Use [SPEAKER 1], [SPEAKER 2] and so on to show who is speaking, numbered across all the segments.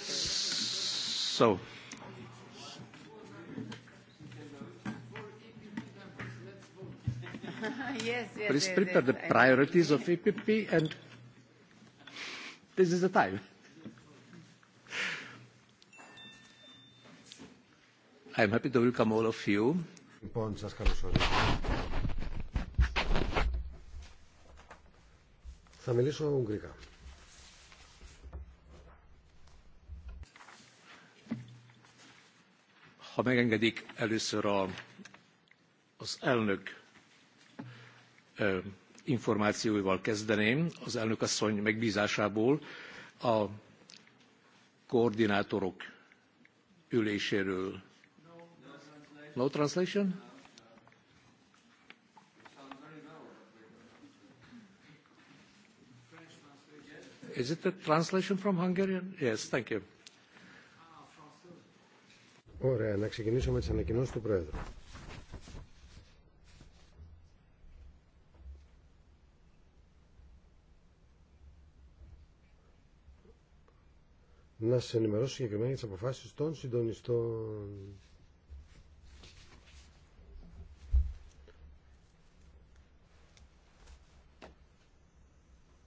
[SPEAKER 1] So.
[SPEAKER 2] yes, yes, Please prepare the priorities
[SPEAKER 1] of EPP and this is the time. I'm happy to welcome all of you.
[SPEAKER 3] Θα μιλήσω ουγγρικά.
[SPEAKER 1] Ha megengedik, először az elnök információival kezdeném. Az elnök asszony megbízásából a koordinátorok üléséről. No translation? Is it a translation from Hungarian? Yes, thank you.
[SPEAKER 3] Ωραία, να ξεκινήσω με τις ανακοινώσεις του Πρόεδρου. Να σας ενημερώσω συγκεκριμένα για τις αποφάσεις των συντονιστών.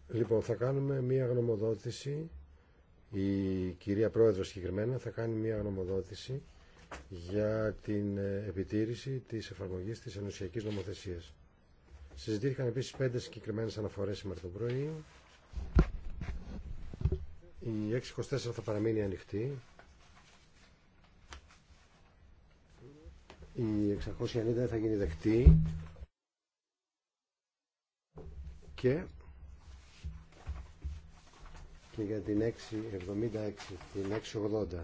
[SPEAKER 3] Λοιπόν, θα κάνουμε μία γνωμοδότηση. Η κυρία Πρόεδρος συγκεκριμένα θα κάνει μία γνωμοδότηση για την ε, επιτήρηση της εφαρμογής της ενωσιακή νομοθεσίας. Συζητήθηκαν επίσης πέντε συγκεκριμένες αναφορές σήμερα το πρωί. Η 624 θα παραμείνει ανοιχτή. Η 690 θα γίνει δεκτή. Και, και για την 676, την 680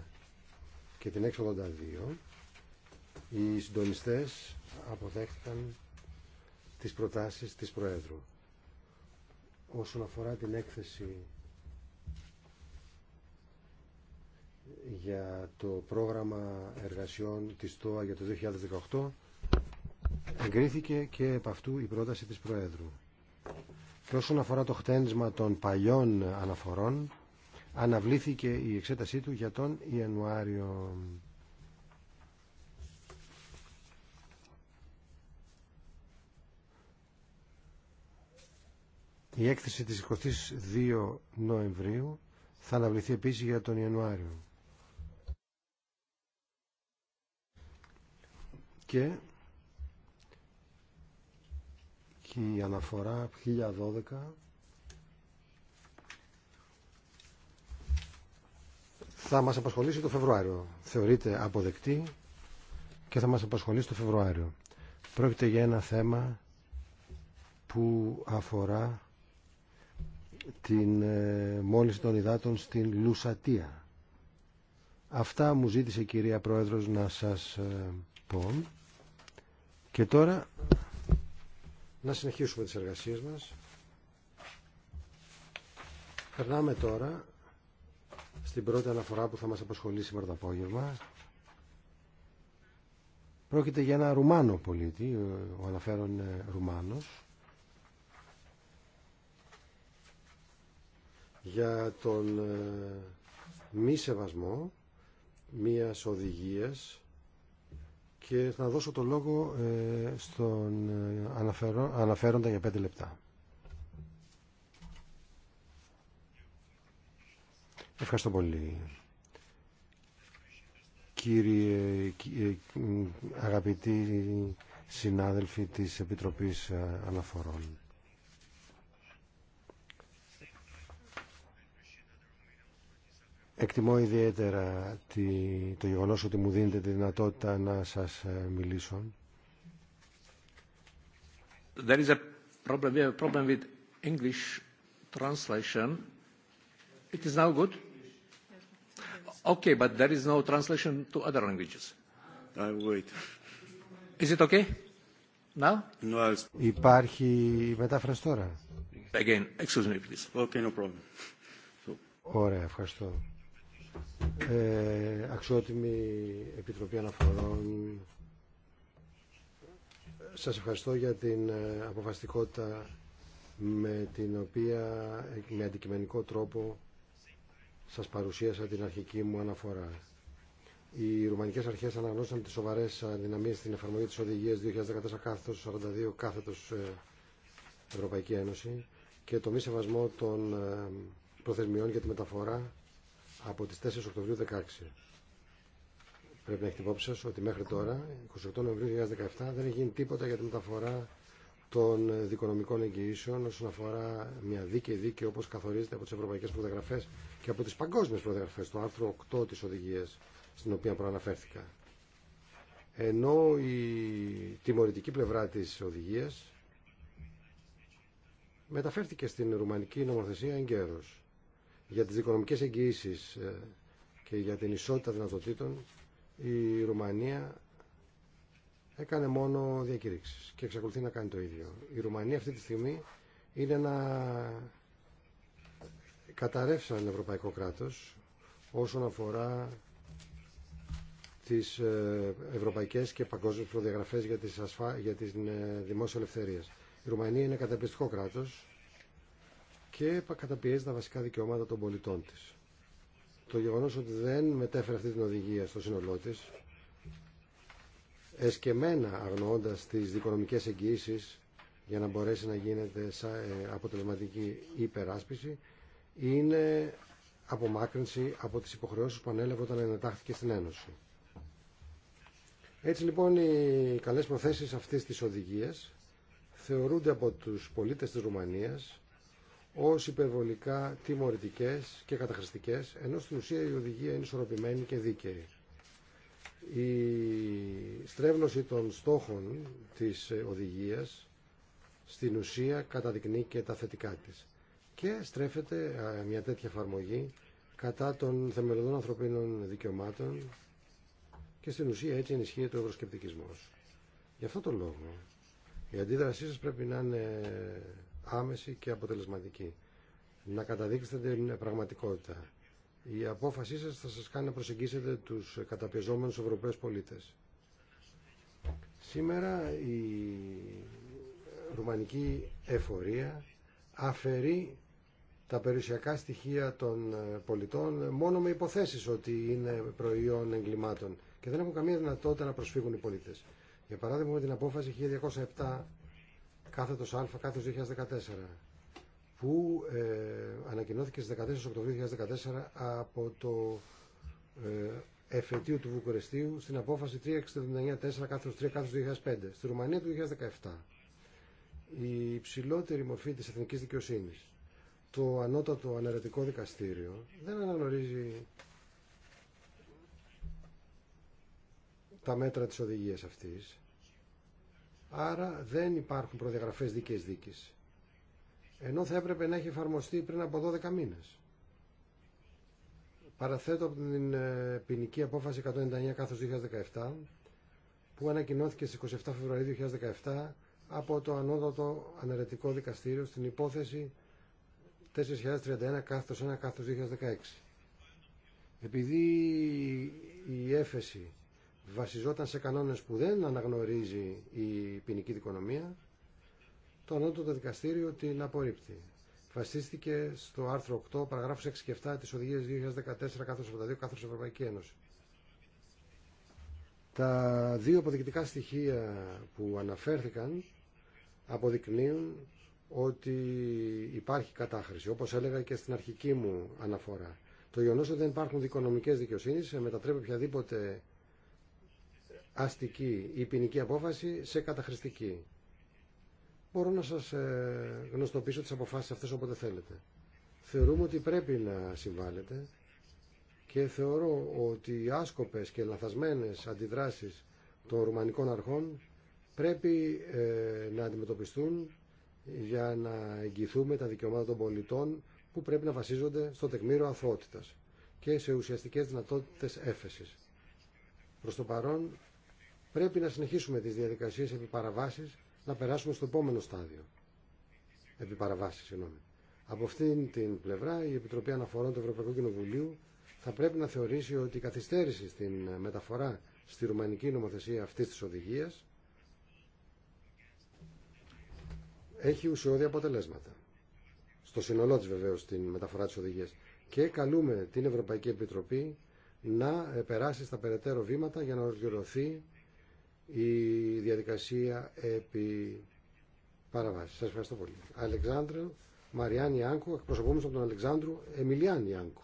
[SPEAKER 3] και την 682 οι συντονιστές αποδέχτηκαν τις προτάσεις της Προέδρου. Όσον αφορά την έκθεση για το πρόγραμμα εργασιών της ΤΟΑ για το 2018 εγκρίθηκε και επ' αυτού η πρόταση της Προέδρου. Και όσον αφορά το χτένισμα των παλιών αναφορών αναβλήθηκε η εξέτασή του για τον Ιανουάριο. Η έκθεση της 22 Νοεμβρίου θα αναβληθεί επίσης για τον Ιανουάριο. Και, και η αναφορά 1012 θα μας απασχολήσει το Φεβρουάριο. Θεωρείται αποδεκτή και θα μας απασχολήσει το Φεβρουάριο. Πρόκειται για ένα θέμα που αφορά την ε, μόλυνση των υδάτων στην Λουσατία. Αυτά μου ζήτησε η κυρία Πρόεδρος να σας ε, πω. Και τώρα να συνεχίσουμε τις εργασίες μας. Περνάμε τώρα στην πρώτη αναφορά που θα μας αποσχολήσει σήμερα το απόγευμα. Πρόκειται για ένα Ρουμάνο πολίτη, ο αναφέρον ε, Ρουμάνος, για τον ε, μη σεβασμό μίας οδηγίας και θα δώσω το λόγο ε, στον αναφέροντα για πέντε λεπτά. Ευχαριστώ πολύ. Κύριε, αγαπητοί συνάδελφοι της Επιτροπής ε, Αναφορών. Εκτιμώ ιδιαίτερα το γεγονός ότι μου δίνετε τη δυνατότητα να σας ε, μιλήσω.
[SPEAKER 1] There is a Okay, but there is no translation to other languages. I wait. Is it okay? Now? No,
[SPEAKER 3] Υπάρχει μετάφραση τώρα.
[SPEAKER 1] Again, excuse me, please. Okay, no problem.
[SPEAKER 3] So. Ωραία, ευχαριστώ. Ε, αξιότιμη Επιτροπή Αναφορών, σας ευχαριστώ για την ε, αποφασιστικότητα με την οποία με αντικειμενικό τρόπο σας παρουσίασα την αρχική μου αναφορά. Οι ρουμανικές αρχές αναγνώσαν τις σοβαρές αδυναμίες στην εφαρμογή της οδηγίας 2014-42 κάθετος ε, Ευρωπαϊκή Ένωση και το μη σεβασμό των ε, προθεσμιών για τη μεταφορά από τις 4 Οκτωβρίου 2016. Πρέπει να έχετε υπόψη ότι μέχρι τώρα, 28 Νοεμβρίου 2017, δεν έχει γίνει τίποτα για τη μεταφορά των δικονομικών εγγυήσεων όσον αφορά μια δίκαιη δίκη όπως καθορίζεται από τις ευρωπαϊκές προδιαγραφές και από τις παγκόσμιες προδιαγραφές, το άρθρο 8 της οδηγίας στην οποία προαναφέρθηκα. Ενώ η τιμωρητική πλευρά της οδηγίας μεταφέρθηκε στην ρουμανική νομοθεσία εγκαίρως για τις δικονομικές εγγυήσεις ε, και για την ισότητα δυνατοτήτων η Ρουμανία έκανε μόνο διακήρυξεις και εξακολουθεί να κάνει το ίδιο. Η Ρουμανία αυτή τη στιγμή είναι ένα καταρρεύσαν ευρωπαϊκό κράτος όσον αφορά τις ε, ευρωπαϊκές και παγκόσμιες προδιαγραφές για τις, ασφα... για τις ε, δημόσιες ελευθερίες. Η Ρουμανία είναι καταπιστικό κράτος και καταπιέζει τα βασικά δικαιώματα των πολιτών της. Το γεγονός ότι δεν μετέφερε αυτή την οδηγία στο σύνολό της εσκεμένα αγνοώντας τις δικονομικές εγγυήσεις για να μπορέσει να γίνεται ε, αποτελεσματική υπεράσπιση είναι απομάκρυνση από τις υποχρεώσεις που ανέλαβε όταν ενετάχθηκε στην Ένωση. Έτσι λοιπόν οι καλές προθέσεις αυτής της οδηγίας θεωρούνται από τους πολίτες της Ρουμανίας ως υπερβολικά τιμωρητικές και καταχρηστικές, ενώ στην ουσία η οδηγία είναι ισορροπημένη και δίκαιη η στρέβλωση των στόχων της ε, οδηγίας στην ουσία καταδεικνύει και τα θετικά της και στρέφεται μια τέτοια εφαρμογή κατά των θεμελιωδών ανθρωπίνων δικαιωμάτων και στην ουσία έτσι ενισχύεται ο ευρωσκεπτικισμός. Γι' αυτό τον λόγο η αντίδρασή σας πρέπει να είναι άμεση και αποτελεσματική. Να καταδείξετε την πραγματικότητα. Η απόφασή σας θα σας κάνει να προσεγγίσετε τους καταπιεζόμενους Ευρωπαίους πολίτες. Σήμερα η ρουμανική εφορία αφαιρεί τα περιουσιακά στοιχεία των πολιτών μόνο με υποθέσεις ότι είναι προϊόν εγκλημάτων και δεν έχουν καμία δυνατότητα να προσφύγουν οι πολίτες. Για παράδειγμα με την απόφαση 1207 κάθετος α κάθετος 2014 που ε, ανακοινώθηκε στις 14 Οκτωβρίου 2014 από το ε, εφετείο του Βουκουρεστίου στην απόφαση 3694 κάθρος 3 2005. Στη Ρουμανία του 2017 η υψηλότερη μορφή της εθνικής δικαιοσύνης το ανώτατο αναιρετικό δικαστήριο δεν αναγνωρίζει τα μέτρα της οδηγίας αυτής άρα δεν υπάρχουν προδιαγραφές δίκαιης δίκης ενώ θα έπρεπε να έχει εφαρμοστεί πριν από 12 μήνες. Παραθέτω την ε, ποινική απόφαση 199 κάθος 2017 που ανακοινώθηκε στις 27 Φεβρουαρίου 2017 από το Ανώτατο Αναρετικό Δικαστήριο στην υπόθεση 4031 κάθος 1 κάθος 2016. Επειδή η έφεση βασιζόταν σε κανόνες που δεν αναγνωρίζει η ποινική δικονομία, το ανώτοτο δικαστήριο την απορρίπτει. Φασίστηκε στο άρθρο 8, παραγράφους 6 και 7 της Οδηγίας 2014-42 κάθος Ευρωπαϊκή Ένωση. Τα δύο αποδεικτικά στοιχεία που αναφέρθηκαν αποδεικνύουν ότι υπάρχει κατάχρηση, όπως έλεγα και στην αρχική μου αναφορά. Το γεγονό ότι δεν υπάρχουν δικονομικές δικαιοσύνης μετατρέπει οποιαδήποτε αστική ή ποινική απόφαση σε καταχρηστική μπορώ να σας ε, γνωστοποιήσω τις αποφάσεις αυτές όποτε θέλετε. Θεωρούμε ότι πρέπει να συμβάλλετε και θεωρώ ότι οι άσκοπες και λαθασμένες αντιδράσεις των ρουμανικών αρχών πρέπει ε, να αντιμετωπιστούν για να εγγυηθούμε τα δικαιώματα των πολιτών που πρέπει να βασίζονται στο τεκμήριο αθωότητας και σε ουσιαστικές δυνατότητες έφεσης. Προς το παρόν πρέπει να συνεχίσουμε τις διαδικασίες επί παραβάσεις να περάσουμε στο επόμενο στάδιο. Επί συγγνώμη. Από αυτήν την πλευρά η Επιτροπή Αναφορών του Ευρωπαϊκού Κοινοβουλίου θα πρέπει να θεωρήσει ότι η καθυστέρηση στην μεταφορά στη ρουμανική νομοθεσία αυτής της οδηγίας έχει ουσιώδη αποτελέσματα. Στο σύνολό τη βεβαίω στην μεταφορά τη οδηγία. Και καλούμε την Ευρωπαϊκή Επιτροπή να περάσει στα περαιτέρω βήματα για να ολοκληρωθεί η διαδικασία επί παραβάσης. Σας ευχαριστώ πολύ. Αλεξάνδρου Μαριάννη Ιάνκου, εκπροσωπούμενος από τον Αλεξάνδρου Εμιλιάν Ιάνκου.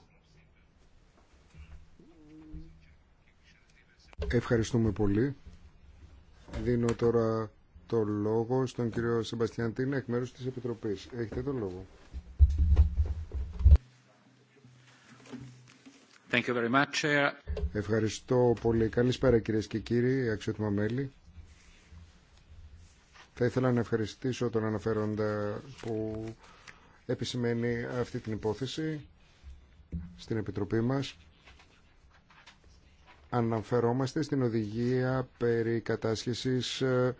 [SPEAKER 4] Ευχαριστούμε πολύ. Δίνω τώρα το λόγο στον κύριο Σεμπαστιάν εκ μέρους της Επιτροπής. Έχετε το λόγο.
[SPEAKER 1] Uh,
[SPEAKER 4] Ευχαριστώ πολύ. Καλησπέρα κυρίες και κύριοι, αξιότιμα μέλη. Θα ήθελα να ευχαριστήσω τον αναφέροντα που επισημαίνει αυτή την υπόθεση στην Επιτροπή μας. Αναφερόμαστε στην οδηγία περί κατάσχεσης ε,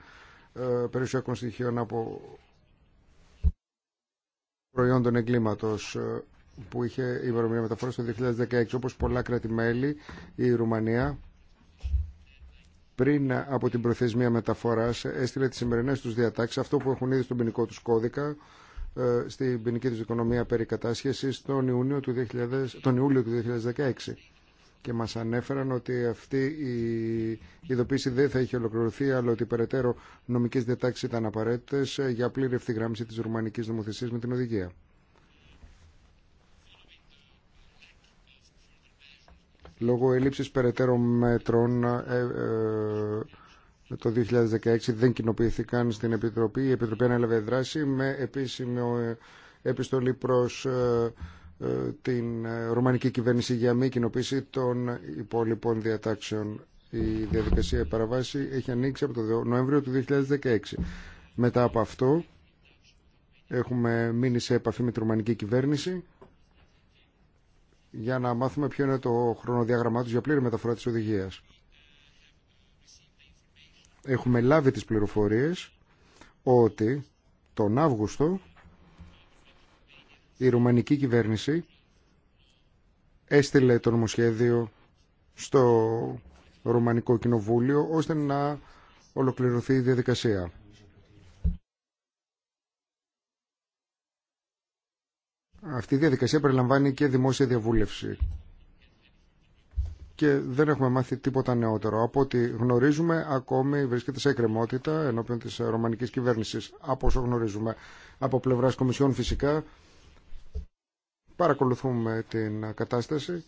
[SPEAKER 4] ε, περιουσιακών στοιχείων από προϊόντων εγκλήματο. Ε, που είχε η ημερομηνία μεταφορά το 2016, όπως πολλά κράτη-μέλη, η Ρουμανία πριν από την προθεσμία μεταφοράς έστειλε τις σημερινές τους διατάξεις, αυτό που έχουν ήδη στον ποινικό τους κώδικα, ε, στην ποινική του οικονομία περί κατάσχεσης τον Ιούνιο του 2000, τον Ιούλιο του 2016 και μας ανέφεραν ότι αυτή η ειδοποίηση δεν θα είχε ολοκληρωθεί αλλά ότι περαιτέρω νομικές διατάξεις ήταν απαραίτητες για πλήρη ευθυγράμμιση της ρουμανικής νομοθεσίας με την οδηγία. λόγω έλλειψης περαιτέρω μέτρων ε, ε, το 2016 δεν κοινοποιηθήκαν στην Επιτροπή. Η Επιτροπή ανέλαβε δράση με επίσημη ε, επιστολή προς την ρουμανική κυβέρνηση για μη κοινοποίηση των υπόλοιπων διατάξεων. Η διαδικασία παραβάση έχει ανοίξει από το Νοέμβριο του 2016. Μετά από αυτό έχουμε μείνει σε επαφή με τη ρουμανική κυβέρνηση για να μάθουμε ποιο είναι το χρονοδιάγραμμά τους για πλήρη μεταφορά της οδηγίας. Έχουμε λάβει τις πληροφορίες ότι τον Αύγουστο η ρουμανική κυβέρνηση έστειλε το νομοσχέδιο στο Ρουμανικό Κοινοβούλιο ώστε να ολοκληρωθεί η διαδικασία. Αυτή η διαδικασία περιλαμβάνει και δημόσια διαβούλευση. Και δεν έχουμε μάθει τίποτα νεότερο. Από ό,τι γνωρίζουμε, ακόμη βρίσκεται σε εκκρεμότητα ενώπιον τη ρωμανική κυβέρνηση. Από όσο γνωρίζουμε από πλευρά Κομισιόν, φυσικά παρακολουθούμε την κατάσταση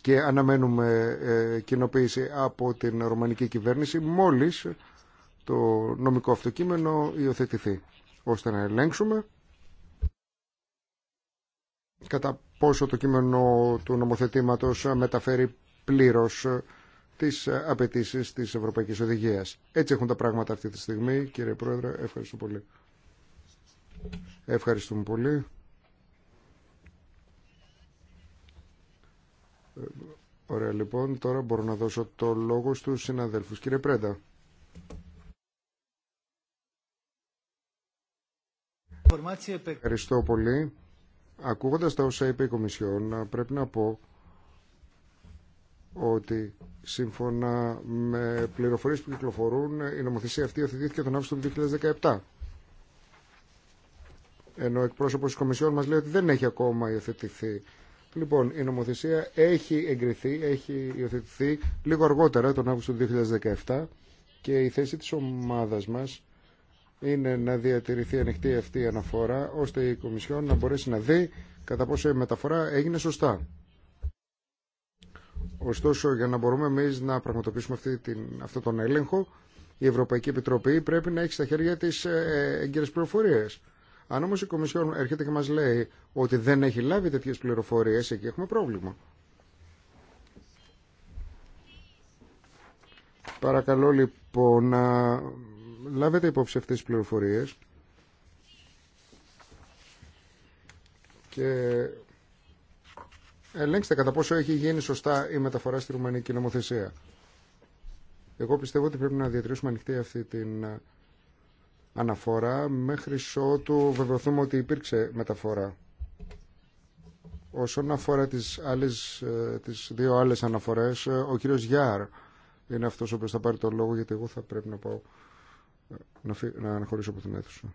[SPEAKER 4] και αναμένουμε ε, κοινοποίηση από την ρωμανική κυβέρνηση μόλις το νομικό αυτοκείμενο υιοθετηθεί, ώστε να ελέγξουμε κατά πόσο το κείμενο του νομοθετήματος μεταφέρει πλήρως τις απαιτήσει της Ευρωπαϊκής Οδηγίας. Έτσι έχουν τα πράγματα αυτή τη στιγμή. Κύριε Πρόεδρε, ευχαριστώ πολύ. Ευχαριστούμε πολύ. Ε, ωραία λοιπόν, τώρα μπορώ να δώσω το λόγο στους συναδέλφους. Κύριε Πρέντα. Ευχαριστώ πολύ. Ακούγοντας τα όσα είπε η Κομισιόν, πρέπει να πω ότι σύμφωνα με πληροφορίες που κυκλοφορούν, η νομοθεσία αυτή οθετήθηκε τον Αύγουστο του 2017. Ενώ ο εκπρόσωπος της Κομισιόν μας λέει ότι δεν έχει ακόμα υιοθετηθεί. Λοιπόν, η νομοθεσία έχει εγκριθεί, έχει υιοθετηθεί λίγο αργότερα τον Αύγουστο του 2017 και η θέση της ομάδας μας είναι να διατηρηθεί ανοιχτή αυτή η αναφορά ώστε η Κομισιόν να μπορέσει να δει κατά πόσο η μεταφορά έγινε σωστά. Ωστόσο, για να μπορούμε εμεί να πραγματοποιήσουμε αυτή την, αυτόν τον έλεγχο, η Ευρωπαϊκή Επιτροπή πρέπει να έχει στα χέρια τη ε, έγκυρε πληροφορίε. Αν όμω η Κομισιόν έρχεται και μα λέει ότι δεν έχει λάβει τέτοιε πληροφορίε, εκεί έχουμε πρόβλημα. Παρακαλώ λοιπόν να λάβετε υπόψη αυτές τις πληροφορίες και ελέγξτε κατά πόσο έχει γίνει σωστά η μεταφορά στη ρουμανική νομοθεσία. Εγώ πιστεύω ότι πρέπει να διατηρήσουμε ανοιχτή αυτή την ε, αναφορά μέχρι ότου βεβαιωθούμε ότι υπήρξε μεταφορά. Όσον αφορά τις, άλλες, ε, τις δύο άλλες αναφορές, ε, ο κύριος Γιάρ είναι αυτός ο οποίος θα πάρει το λόγο γιατί εγώ θα πρέπει να πάω να, φυ... να αναχωρήσω από την αίθουσα.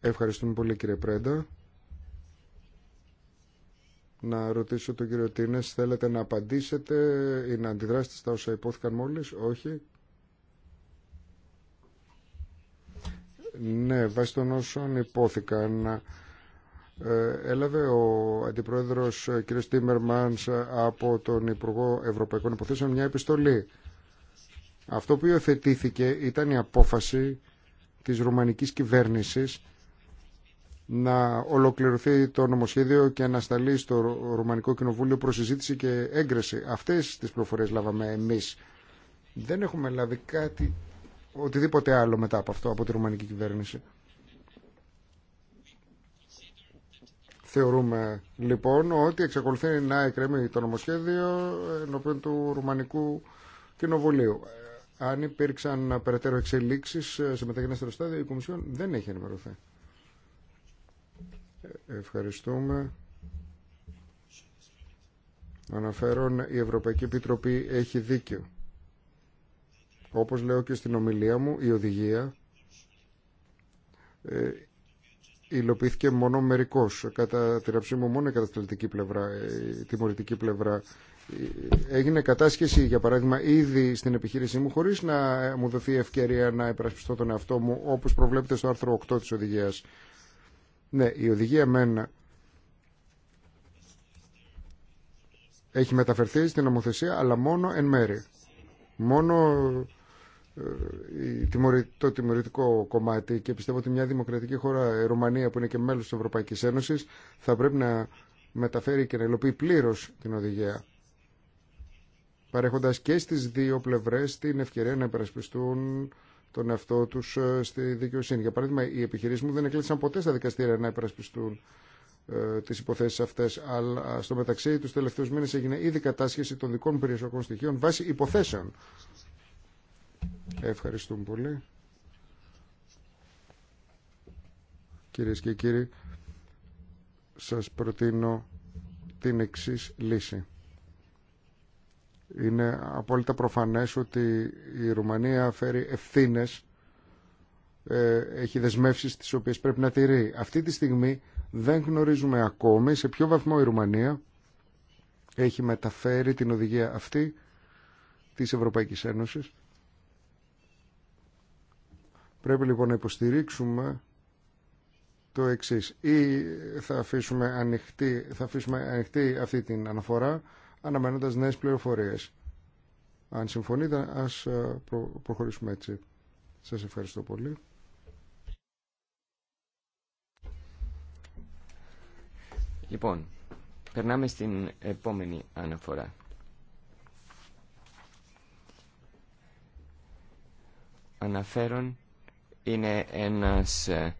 [SPEAKER 4] Ευχαριστούμε πολύ κύριε Πρέντα. Να ρωτήσω τον κύριο Τίνες, θέλετε να απαντήσετε ή να αντιδράσετε στα όσα υπόθηκαν μόλις, όχι. Ναι, βάσει των όσων υπόθηκαν ε, έλαβε ο Αντιπρόεδρος ε, κ. Τίμερμανς ε, από τον Υπουργό Ευρωπαϊκών Υποθέσεων μια επιστολή. Αυτό που υιοθετήθηκε ήταν η απόφαση της ρουμανικής κυβέρνησης να ολοκληρωθεί το νομοσχέδιο και να σταλεί στο Ρουμανικό Κοινοβούλιο προσυζήτηση και έγκριση. Αυτές τις προφορέ λάβαμε εμείς. Δεν έχουμε λάβει κάτι, οτιδήποτε άλλο μετά από αυτό, από τη Ρουμανική κυβέρνηση. Θεωρούμε λοιπόν ότι εξακολουθεί να εκκρεμεί το νομοσχέδιο ενώπιον του Ρουμανικού Κοινοβουλίου. Ε, αν υπήρξαν περαιτέρω εξελίξει ε, σε μεταγενέστερο στάδιο, η Κομισιόν δεν έχει ενημερωθεί. Ε, ευχαριστούμε. Αναφέρον, η Ευρωπαϊκή Επιτροπή έχει δίκιο. Όπως λέω και στην ομιλία μου, η οδηγία υλοποιήθηκε μόνο μερικώ. Κατά τη ραψή μου μόνο η κατασταλτική πλευρά, η τιμωρητική πλευρά. Έγινε κατάσχεση, για παράδειγμα, ήδη στην επιχείρησή μου, χωρίς να μου δοθεί ευκαιρία να υπερασπιστώ τον εαυτό μου, όπως προβλέπεται στο άρθρο 8 της οδηγίας. Ναι, η οδηγία μένα έχει μεταφερθεί στην νομοθεσία, αλλά μόνο εν μέρη. Μόνο ε, το τιμωρητικό κομμάτι και πιστεύω ότι μια δημοκρατική χώρα, η ε, Ρουμανία που είναι και μέλος της Ευρωπαϊκής Ένωσης θα πρέπει να μεταφέρει και να υλοποιεί πλήρω την οδηγία παρέχοντας και στις δύο πλευρές την ευκαιρία να υπερασπιστούν τον εαυτό τους ε, στη δικαιοσύνη. Για παράδειγμα, οι επιχειρήσεις μου δεν εκλείσαν ποτέ στα δικαστήρια να υπερασπιστούν τι υποθέσει αυτέ. αλλά στο μεταξύ του τελευταίου μήνε έγινε ήδη κατάσχεση των δικών περιουσιακών στοιχείων βάσει υποθέσεων Ευχαριστούμε πολύ. Κυρίες και κύριοι, σας προτείνω την εξής λύση. Είναι απόλυτα προφανές ότι η Ρουμανία φέρει ευθύνες, ε, έχει δεσμεύσεις τις οποίες πρέπει να τηρεί. Αυτή τη στιγμή δεν γνωρίζουμε ακόμη σε ποιο βαθμό η Ρουμανία έχει μεταφέρει την οδηγία αυτή της Ευρωπαϊκής Ένωσης Πρέπει λοιπόν να υποστηρίξουμε το εξή. Ή θα αφήσουμε, ανοιχτή, θα αφήσουμε ανοιχτή αυτή την αναφορά αναμένοντας νέες πληροφορίες. Αν συμφωνείτε, ας ε, προχωρήσουμε έτσι. Σα ευχαριστώ πολύ.
[SPEAKER 2] Λοιπόν, περνάμε στην επόμενη αναφορά. Αναφέρον είναι ένας, ε,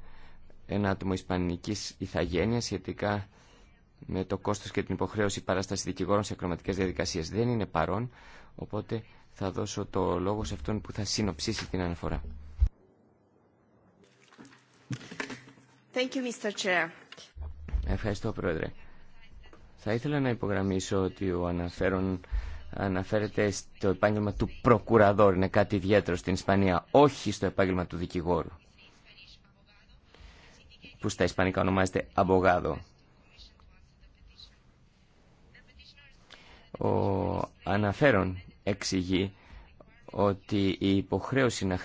[SPEAKER 2] ένα άτομο ισπανικής ηθαγένειας σχετικά με το κόστος και την υποχρέωση παράσταση δικηγόρων σε ακροματικές διαδικασίες. Δεν είναι παρόν, οπότε θα δώσω το λόγο σε αυτόν που θα συνοψίσει την αναφορά.
[SPEAKER 1] Thank you, Mr. Chair.
[SPEAKER 2] Ευχαριστώ, Πρόεδρε. Θα ήθελα να υπογραμμίσω ότι ο αναφέρον αναφέρεται στο επάγγελμα του προκουραδόρ, είναι κάτι ιδιαίτερο στην Ισπανία, όχι στο επάγγελμα του δικηγόρου, που στα ισπανικά ονομάζεται αμπογάδο. Ο αναφέρον εξηγεί ότι η υποχρέωση να,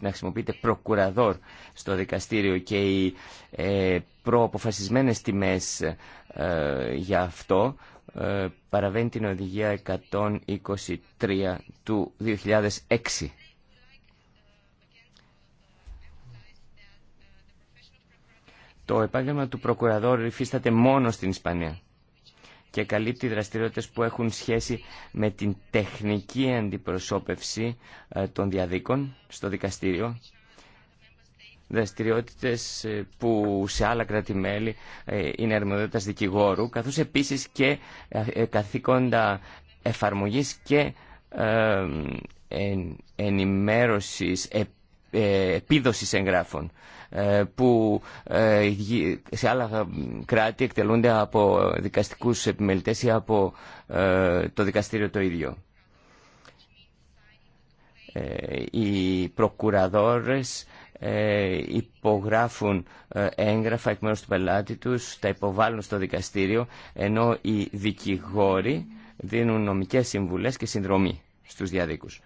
[SPEAKER 2] να χρησιμοποιείται προκουραδόρ στο δικαστήριο και οι ε, προαποφασισμένες τιμές ε, για αυτό ε, παραβαίνει την οδηγία 123 του 2006. Το επάγγελμα του προκουραδόρου υφίσταται μόνο στην Ισπανία και καλύπτει δραστηριότητες που έχουν σχέση με την τεχνική αντιπροσώπευση ε, των διαδίκων στο δικαστήριο δραστηριότητε ε, που σε άλλα κράτη-μέλη ε, είναι αρμοδιότητα δικηγόρου, καθώς επίσης και ε, καθήκοντα εφαρμογής και ενημέρωση επίδοσης εγγράφων που σε άλλα κράτη εκτελούνται από δικαστικούς επιμελητές ή από το δικαστήριο το ίδιο. Οι προκουραδόρες ε, υπογράφουν ε, έγγραφα εκ μέρους του πελάτη τους, τα υποβάλλουν στο δικαστήριο, ενώ οι δικηγόροι δίνουν νομικές συμβουλές και συνδρομή στους διαδίκους.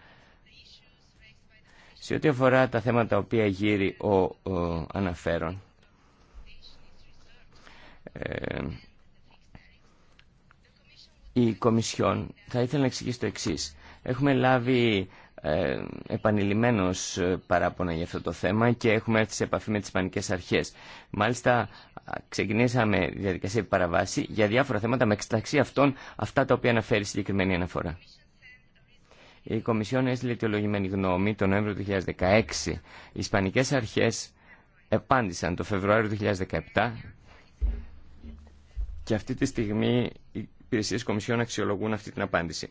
[SPEAKER 2] Σε ό,τι αφορά τα θέματα τα οποία γύρει ο, αναφέρον, ε, η Κομισιόν θα ήθελα να εξηγήσει το εξής. Έχουμε λάβει ε, ε, παράπονα για αυτό το θέμα και έχουμε έρθει σε επαφή με τις Ισπανικές Αρχές. Μάλιστα ξεκινήσαμε διαδικασία παραβάση για διάφορα θέματα με εξεταξή αυτών αυτά τα οποία αναφέρει η συγκεκριμένη αναφορά. Η Κομισιόν έστειλε αιτιολογημένη γνώμη τον Νοέμβριο του 2016. Οι Ισπανικές Αρχές επάντησαν το Φεβρουάριο του 2017 και αυτή τη στιγμή οι υπηρεσίες Κομισιόν αξιολογούν αυτή την απάντηση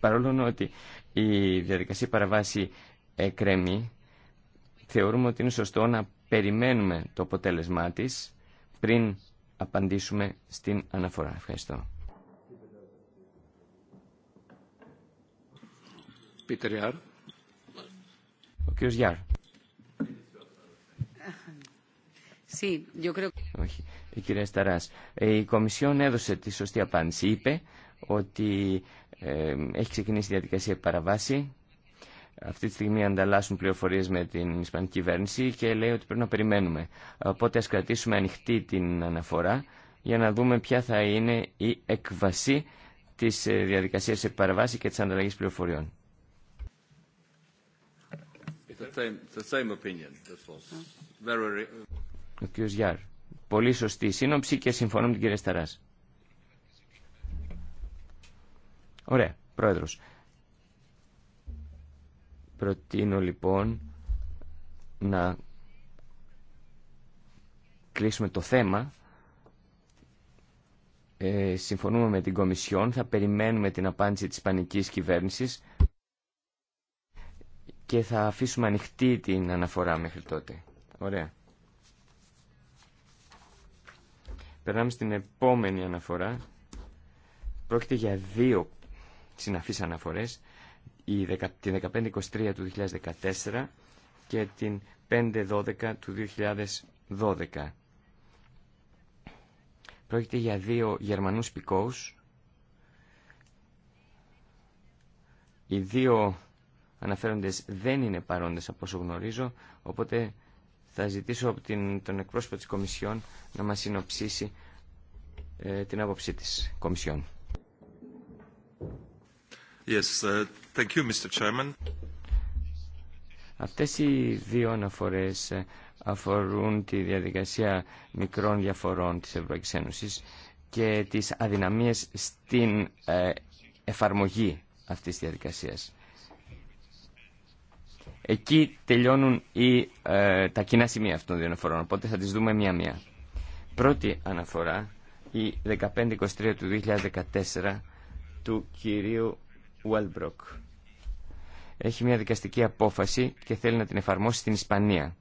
[SPEAKER 2] παρόλο ότι η διαδικασία παραβάση εκρέμει, θεωρούμε ότι είναι σωστό να περιμένουμε το αποτέλεσμά της πριν απαντήσουμε στην αναφορά. Ευχαριστώ. Peter Ο κύριος Γιάρ. Sí, yo creo... Όχι, η κυρία Σταράς. Ε, η Κομισιόν έδωσε τη σωστή απάντηση. Είπε ότι ε, έχει ξεκινήσει η διαδικασία παραβάση. Αυτή τη στιγμή ανταλλάσσουν πληροφορίε με την Ισπανική κυβέρνηση και λέει ότι πρέπει να περιμένουμε. Οπότε α κρατήσουμε ανοιχτή την αναφορά για να δούμε ποια θα είναι η εκβασή τη ε, διαδικασία επί παραβάση και τη ανταλλαγή πληροφοριών. Ο κ. Γιάρ. Πολύ σωστή σύνοψη και συμφωνώ με την κυρία Σταράς. Ωραία, πρόεδρος. Προτείνω λοιπόν να κλείσουμε το θέμα. Ε, συμφωνούμε με την Κομισιόν, θα περιμένουμε την απάντηση της Ισπανικής κυβέρνησης και θα αφήσουμε ανοιχτή την αναφορά μέχρι τότε. Ωραία. Περνάμε στην επόμενη αναφορά. Πρόκειται για δύο συναφείς αναφορές, η, την 1523 του 2014 και την 512 του 2012. Πρόκειται για δύο Γερμανούς πικόους. Οι δύο αναφέροντες δεν είναι παρόντες από όσο γνωρίζω, οπότε θα ζητήσω από την, τον εκπρόσωπο της Κομισιόν να μας συνοψίσει ε, την άποψή της Κομισιόν. Yes, uh, Αυτές οι δύο αναφορές ε, αφορούν τη διαδικασία μικρών διαφορών της Ευρωπαϊκής Ένωσης και τις αδυναμίες στην ε, εφαρμογή αυτής της διαδικασίας. Εκεί τελειώνουν οι, ε, τα κοινά σημεία αυτών των δύο αναφορών, οπότε θα τις δούμε μία-μία. Πρώτη αναφορά, η 1523 του 2014 του κυρίου έχει μια δικαστική απόφαση και θέλει να την εφαρμόσει στην Ισπανία.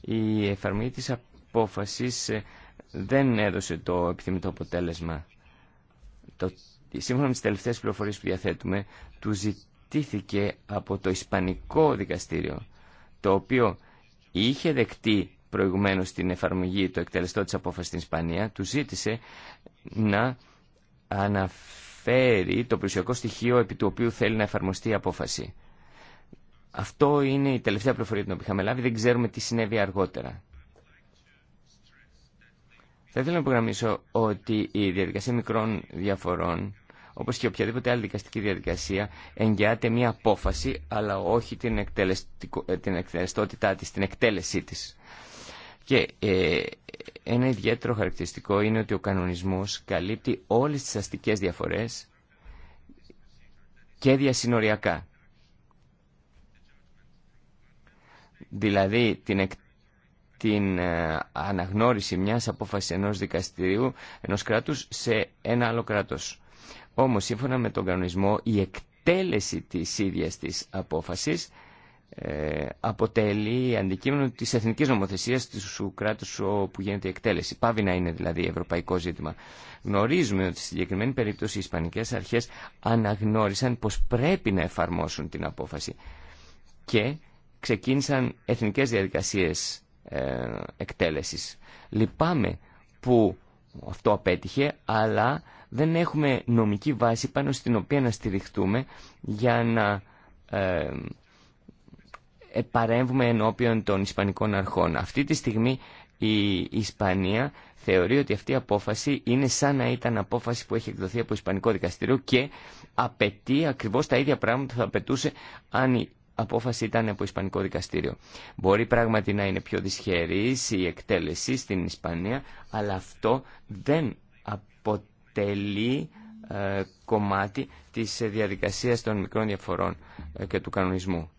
[SPEAKER 2] Η εφαρμογή της απόφασης ε, δεν έδωσε το επιθυμητό αποτέλεσμα. Το, σύμφωνα με τις τελευταίες πληροφορίες που διαθέτουμε, του ζητήθηκε από το Ισπανικό Δικαστήριο, το οποίο είχε δεκτεί προηγουμένως την εφαρμογή, το εκτελεστό της απόφασης στην Ισπανία, του ζήτησε να αναφέρει αναφέρει το προσωπικό στοιχείο επί του οποίου θέλει να εφαρμοστεί η απόφαση. Αυτό είναι η τελευταία πληροφορία την οποία είχαμε λάβει, δεν ξέρουμε τι συνέβη αργότερα. Θα ήθελα να υπογραμμίσω ότι η διαδικασία μικρών διαφορών, όπως και οποιαδήποτε άλλη δικαστική διαδικασία, εγγυάται μία απόφαση, αλλά όχι την, ε, την εκτελεστότητά της, την εκτέλεσή της. Και ε, ένα ιδιαίτερο χαρακτηριστικό είναι ότι ο κανονισμός καλύπτει όλες τις αστικές διαφορές και διασυνοριακά. Δηλαδή την, την ε, αναγνώριση μιας απόφασης ενός δικαστηρίου, ενός κράτους σε ένα άλλο κράτος. Όμως σύμφωνα με τον κανονισμό η εκτέλεση της ίδιας της απόφασης ε, αποτελεί αντικείμενο της εθνικής νομοθεσίας του κράτους όπου γίνεται η εκτέλεση. Πάβει να είναι δηλαδή ευρωπαϊκό ζήτημα. Γνωρίζουμε ότι στη συγκεκριμένη περίπτωση οι Ισπανικές αρχές αναγνώρισαν πως πρέπει να εφαρμόσουν την απόφαση και ξεκίνησαν εθνικές διαδικασίες ε, εκτέλεσης. Λυπάμαι που αυτό απέτυχε, αλλά δεν έχουμε νομική βάση πάνω στην οποία να στηριχτούμε για να... Ε, παρέμβουμε ενώπιον των Ισπανικών αρχών. Αυτή τη στιγμή η Ισπανία θεωρεί ότι αυτή η απόφαση είναι σαν να ήταν απόφαση που έχει εκδοθεί από Ισπανικό δικαστήριο και απαιτεί ακριβώς τα ίδια πράγματα που θα απαιτούσε αν η απόφαση ήταν από Ισπανικό δικαστήριο. Μπορεί πράγματι να είναι πιο δυσχερής η εκτέλεση στην Ισπανία, αλλά αυτό δεν αποτελεί ε, κομμάτι της διαδικασίας των μικρών διαφορών ε, και του κανονισμού.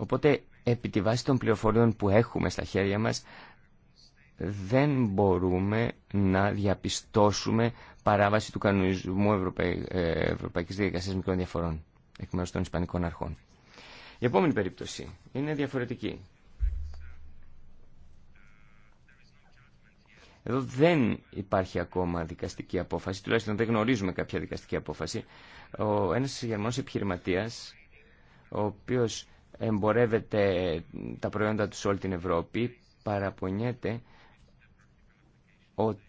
[SPEAKER 2] Οπότε, επί τη βάση των πληροφοριών που έχουμε στα χέρια μας, δεν μπορούμε να διαπιστώσουμε παράβαση του κανονισμού Ευρωπαϊ... Ε, Ευρωπαϊκής Διαδικασίας Μικρών Διαφορών εκ μέρους των Ισπανικών Αρχών. Η επόμενη περίπτωση είναι διαφορετική. Εδώ δεν υπάρχει ακόμα δικαστική απόφαση, τουλάχιστον δεν γνωρίζουμε κάποια δικαστική απόφαση. Ο ένας Γερμανός επιχειρηματίας, ο οποίος εμπορεύεται τα προϊόντα του σε όλη την Ευρώπη παραπονιέται ότι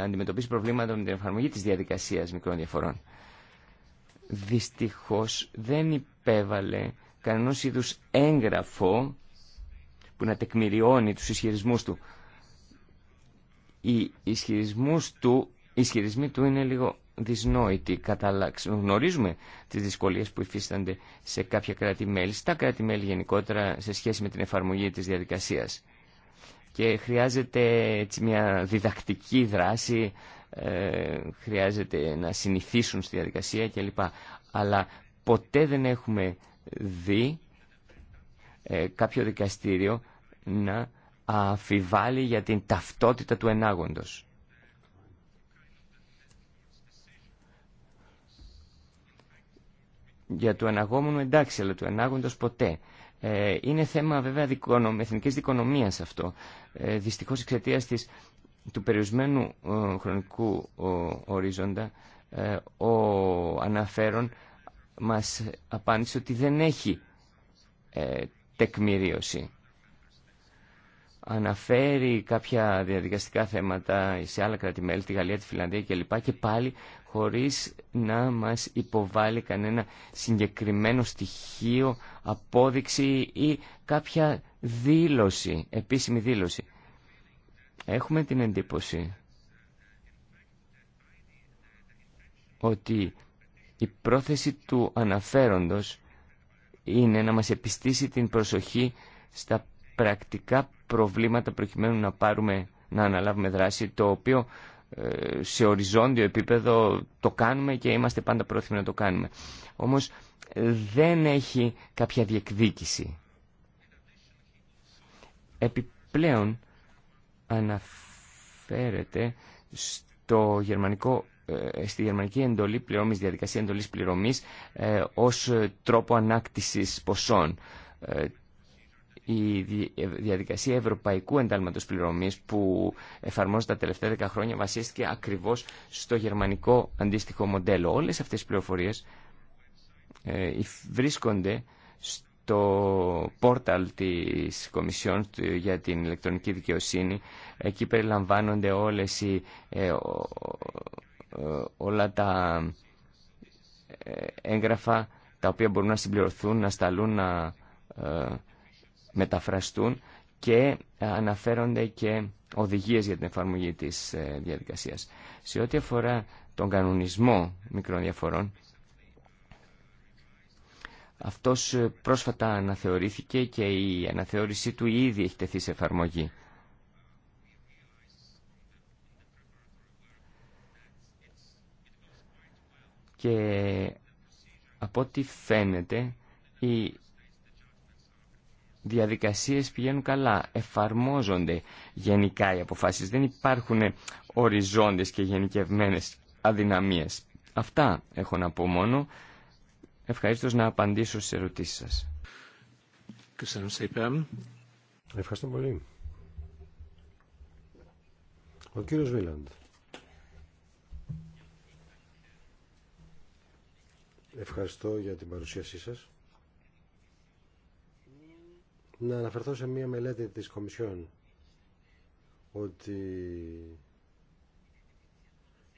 [SPEAKER 2] αντιμετωπίζει προβλήματα με την εφαρμογή της διαδικασίας μικρών διαφορών. Δυστυχώς δεν υπέβαλε κανένας είδους έγγραφο που να τεκμηριώνει τους του. Οι ισχυρισμούς του, οι ισχυρισμοί του είναι λίγο δυσνόητη. Γνωρίζουμε τις δυσκολίες που υφίστανται σε κάποια κράτη-μέλη, στα κράτη-μέλη γενικότερα σε σχέση με την εφαρμογή της διαδικασίας. Και χρειάζεται μια διδακτική δράση, ε, χρειάζεται να συνηθίσουν στη διαδικασία κλπ. Αλλά ποτέ δεν έχουμε δει ε, κάποιο δικαστήριο να αφιβάλλει για την ταυτότητα του ενάγοντος. για του αναγόμενου εντάξει, αλλά του ανάγοντα ποτέ. Ε, είναι θέμα βέβαια δικονομ, εθνικής δικονομίας αυτό. Ε, δυστυχώς εξαιτία της του περιορισμένου ε, χρονικού ορίζοντα ε, ο αναφέρον μας απάντησε ότι δεν έχει ε, τεκμηρίωση. Αναφέρει κάποια διαδικαστικά θέματα σε άλλα κράτη-μέλη, τη Γαλλία, τη Φιλανδία κλπ. Και πάλι χωρίς να μας υποβάλει κανένα συγκεκριμένο στοιχείο, απόδειξη ή κάποια δήλωση, επίσημη δήλωση. Έχουμε την εντύπωση ότι η πρόθεση του αναφέροντος είναι να μας επιστήσει την προσοχή στα πρακτικά προβλήματα προκειμένου να πάρουμε να αναλάβουμε δράση, το οποίο σε οριζόντιο επίπεδο το κάνουμε και είμαστε πάντα πρόθυμοι να το κάνουμε. Όμως δεν έχει κάποια διεκδίκηση. Επιπλέον αναφέρεται στο γερμανικό ε, στη γερμανική εντολή πληρωμής, διαδικασία εντολής πληρωμής ε, ως τρόπο ανάκτησης ποσών. Ε, η διαδικασία ευρωπαϊκού εντάλματος πληρωμής που εφαρμόζεται τα τελευταία δέκα χρόνια βασίστηκε ακριβώς στο γερμανικό αντίστοιχο μοντέλο. Όλες αυτές οι πληροφορίες ε, βρίσκονται στο πόρταλ της Κομισιόν για την ηλεκτρονική δικαιοσύνη. Εκεί περιλαμβάνονται όλες οι, ε, όλα τα ε, έγγραφα τα οποία μπορούν να συμπληρωθούν, να σταλούν, να μεταφραστούν και ε, αναφέρονται και οδηγίες για την εφαρμογή της ε, διαδικασίας. Σε ό,τι αφορά τον κανονισμό μικρών διαφορών, αυτός ε, πρόσφατα αναθεωρήθηκε και η αναθεώρησή του ήδη έχει τεθεί σε εφαρμογή. Και από ό,τι φαίνεται η διαδικασίες πηγαίνουν καλά, εφαρμόζονται γενικά οι αποφάσεις, δεν υπάρχουν οριζόντες και γενικευμένες αδυναμίες. Αυτά έχω να πω μόνο. Ευχαριστώ να απαντήσω στις ερωτήσεις σας.
[SPEAKER 1] Ευχαριστώ
[SPEAKER 3] πολύ. Ο κύριος Βίλαντ. Ευχαριστώ για την παρουσίασή σας να αναφερθώ σε μία μελέτη της Κομισιόν ότι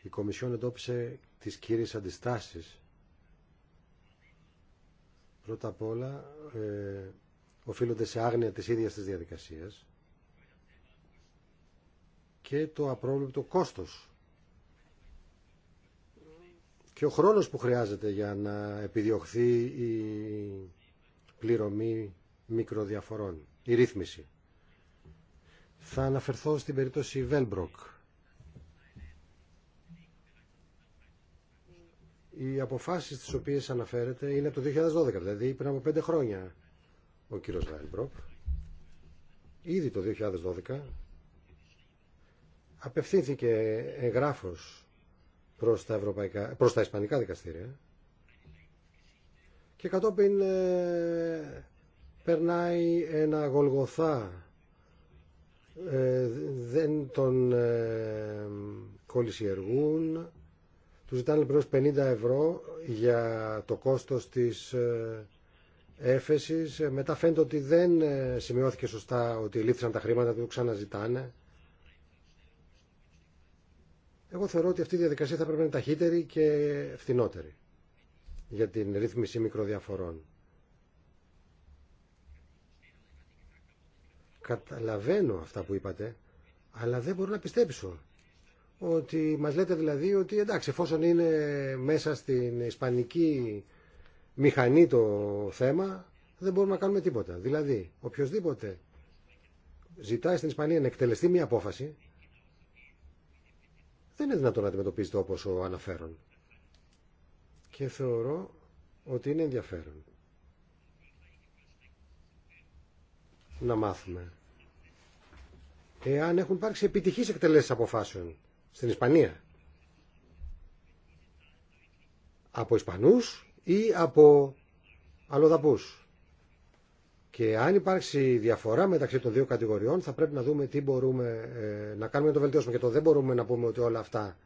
[SPEAKER 3] η Κομισιόν εντόπισε τις κύριες αντιστάσεις. Πρώτα απ' όλα ε, οφείλονται σε άγνοια της ίδιας της διαδικασίας και το απρόβλεπτο κόστος και ο χρόνος που χρειάζεται για να επιδιωχθεί η πληρωμή μικροδιαφορών, η ρύθμιση. Θα αναφερθώ στην περίπτωση Βέλμπροκ. Οι αποφάσεις τις οποίες αναφέρεται είναι από το 2012, δηλαδή πριν από πέντε χρόνια ο κύριος Βέλμπροκ. Ήδη το 2012 απευθύνθηκε εγγράφος προς τα, ευρωπαϊκά, προς τα ισπανικά δικαστήρια και κατόπιν ε, περνάει ένα γολγοθά ε, δεν τον ε, κολλησιεργούν του ζητάνε λοιπόν 50 ευρώ για το κόστος της ε, έφεσης ε, μετά φαίνεται ότι δεν ε, σημειώθηκε σωστά ότι λήφθησαν τα χρήματα του ξαναζητάνε εγώ θεωρώ ότι αυτή η διαδικασία θα πρέπει να είναι ταχύτερη και φθηνότερη για την ρύθμιση μικροδιαφορών Καταλαβαίνω αυτά που είπατε, αλλά δεν μπορώ να πιστέψω ότι μας λέτε δηλαδή ότι εντάξει εφόσον είναι μέσα στην ισπανική μηχανή το θέμα δεν μπορούμε να κάνουμε τίποτα. Δηλαδή οποιοδήποτε ζητάει στην Ισπανία να εκτελεστεί μια απόφαση δεν είναι δυνατόν να αντιμετωπίζεται όπως ο αναφέρον. Και θεωρώ ότι είναι ενδιαφέρον να μάθουμε εάν έχουν υπάρξει επιτυχείς εκτελέσεις αποφάσεων στην Ισπανία. Από Ισπανούς ή από αλλοδαπούς. Και αν υπάρξει διαφορά μεταξύ των δύο κατηγοριών θα πρέπει να δούμε τι μπορούμε ε, να κάνουμε να το βελτιώσουμε. Και το δεν μπορούμε να πούμε ότι όλα αυτά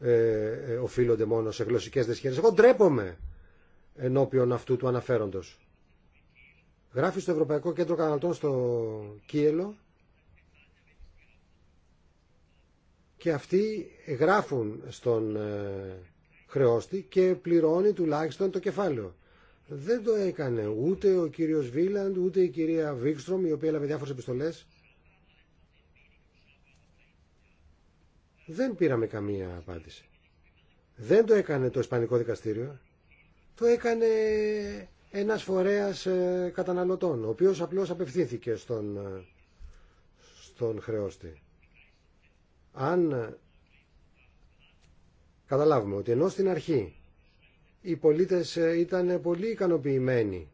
[SPEAKER 3] ε, ε, οφείλονται μόνο σε γλωσσικές δυσχέρειες. Εγώ ντρέπομαι ενώπιον αυτού του αναφέροντος. Γράφει στο Ευρωπαϊκό Κέντρο Καναλτών στο Κίελο και αυτοί γράφουν στον ε, χρεώστη και πληρώνει τουλάχιστον το κεφάλαιο. Δεν το έκανε ούτε ο κύριος Βίλαντ, ούτε η κυρία Βίξτρομ, η οποία έλαβε διάφορες επιστολές. Δεν πήραμε καμία απάντηση. Δεν το έκανε το Ισπανικό Δικαστήριο. Το έκανε ένας φορέας ε, καταναλωτών, ο οποίος απλώς απευθύνθηκε στον, ε, στον χρεώστη. Αν ε, καταλάβουμε ότι ενώ στην αρχή οι πολίτες ε, ήταν πολύ ικανοποιημένοι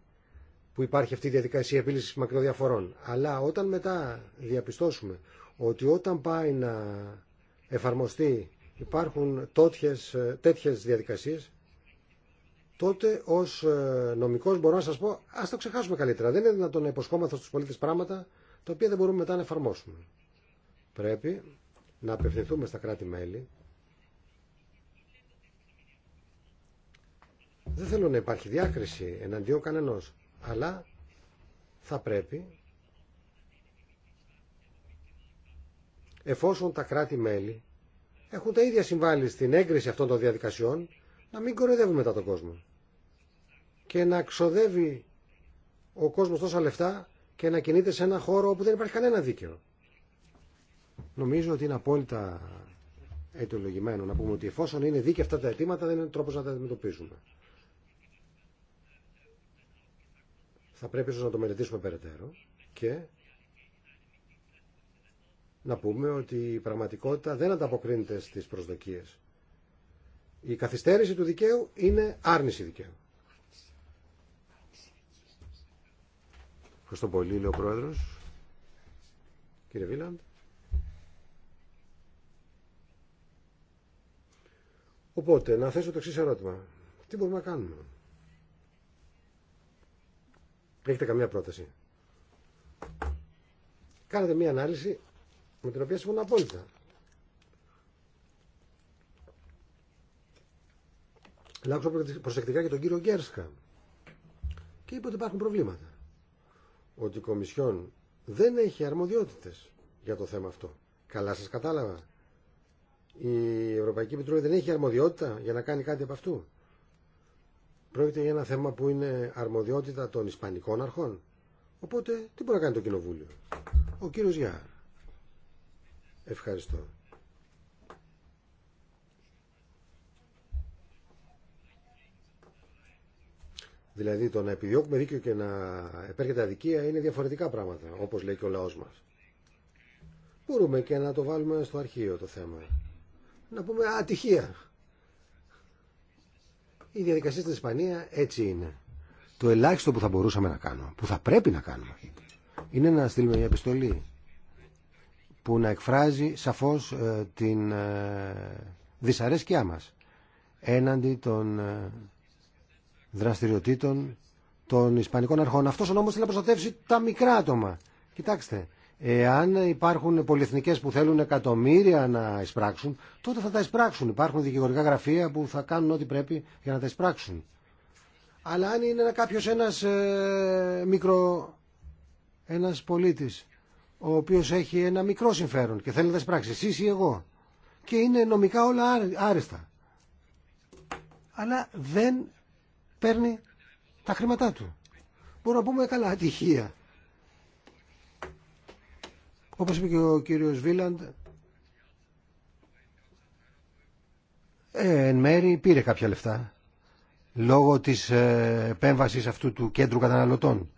[SPEAKER 3] που υπάρχει αυτή η διαδικασία επίλυσης μακροδιαφορών, αλλά όταν μετά διαπιστώσουμε ότι όταν πάει να εφαρμοστεί υπάρχουν τότιες, ε, τέτοιες διαδικασίες, τότε ως νομικός μπορώ να σας πω ας το ξεχάσουμε καλύτερα. Δεν είναι δυνατόν να υποσχόμαστε στους πολίτες πράγματα τα οποία δεν μπορούμε μετά να εφαρμόσουμε. Πρέπει να απευθυνθούμε στα κράτη-μέλη. Δεν θέλω να υπάρχει διάκριση εναντίον κανενός, αλλά θα πρέπει, εφόσον τα κράτη-μέλη έχουν τα ίδια συμβάλει στην έγκριση αυτών των διαδικασιών, να μην κοροϊδεύουν μετά τον κόσμο. Και να ξοδεύει ο κόσμος τόσα λεφτά και να κινείται σε ένα χώρο όπου δεν υπάρχει κανένα δίκαιο. Νομίζω ότι είναι απόλυτα αιτιολογημένο να πούμε ότι εφόσον είναι δίκαια αυτά τα αιτήματα δεν είναι τρόπος να τα αντιμετωπίζουμε. Θα πρέπει ίσως να το μελετήσουμε περαιτέρω και να πούμε ότι η πραγματικότητα δεν ανταποκρίνεται στις προσδοκίες. Η καθυστέρηση του δικαίου είναι άρνηση δικαίου. Ευχαριστώ πολύ, λέει ο Πρόεδρος. Κύριε Βίλαντ. Οπότε, να θέσω το εξή ερώτημα. Τι μπορούμε να κάνουμε. Έχετε καμία πρόταση. Κάνετε μία ανάλυση με την οποία συμφωνώ απόλυτα. Λάξω προσεκτικά και τον κύριο Γκέρσκα και είπε ότι υπάρχουν προβλήματα. Ότι η Κομισιόν δεν έχει αρμοδιότητες για το θέμα αυτό. Καλά σας κατάλαβα η Ευρωπαϊκή Επιτροπή δεν έχει αρμοδιότητα για να κάνει κάτι από αυτού. Πρόκειται για ένα θέμα που είναι αρμοδιότητα των Ισπανικών αρχών. Οπότε τι μπορεί να κάνει το Κοινοβούλιο. Ο κύριος Γιάρ. Ευχαριστώ. Δηλαδή το να επιδιώκουμε δίκιο και να επέρχεται αδικία είναι διαφορετικά πράγματα, όπως λέει και ο λαός μας. Μπορούμε και να το βάλουμε στο αρχείο το θέμα να πούμε ατυχία. Η διαδικασία στην Ισπανία έτσι είναι. Το ελάχιστο που θα μπορούσαμε να κάνουμε, που θα πρέπει να κάνουμε, είναι να στείλουμε μια επιστολή που να εκφράζει σαφώς ε, την ε, δυσαρέσκειά μας έναντι των ε, δραστηριοτήτων των Ισπανικών αρχών. Αυτός ο νόμος θέλει να προστατεύσει τα μικρά άτομα. Κοιτάξτε, Εάν υπάρχουν πολυεθνικές που θέλουν εκατομμύρια να εισπράξουν, τότε θα τα εισπράξουν. Υπάρχουν δικηγορικά γραφεία που θα κάνουν ό,τι πρέπει για να τα εισπράξουν. Αλλά αν είναι ένα κάποιος ένας ε, μικρο... ένας πολίτης, ο οποίος έχει ένα μικρό συμφέρον και θέλει να τα εισπράξει, εσείς ή εγώ, και είναι νομικά όλα άρεστα, Αλλά δεν παίρνει τα χρήματά του. Μπορούμε να πούμε καλά ατυχία. Όπως είπε και ο κύριος Βίλαντ, ε, εν μέρη πήρε κάποια λεφτά λόγω της ε, επέμβασης αυτού του κέντρου καταναλωτών.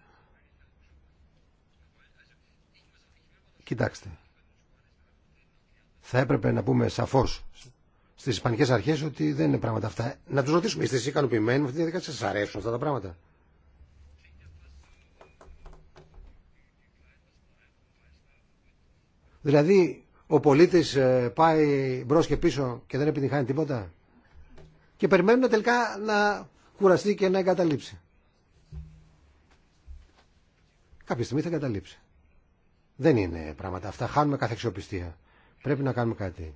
[SPEAKER 3] Κοιτάξτε, θα έπρεπε να πούμε σαφώς στις ισπανικές αρχές ότι δεν είναι πράγματα αυτά. Να τους ρωτήσουμε, είστε εσείς ικανοποιημένοι με αυτή τη διαδικασία, σας αρέσουν αυτά τα πράγματα. Δηλαδή ο πολίτης ε, πάει μπρος και πίσω και δεν επιτυχάνει τίποτα και περιμένουμε τελικά να κουραστεί και να εγκαταλείψει. Κάποια στιγμή θα εγκαταλείψει. Δεν είναι πράγματα αυτά. Χάνουμε κάθε αξιοπιστία. Πρέπει να κάνουμε κάτι.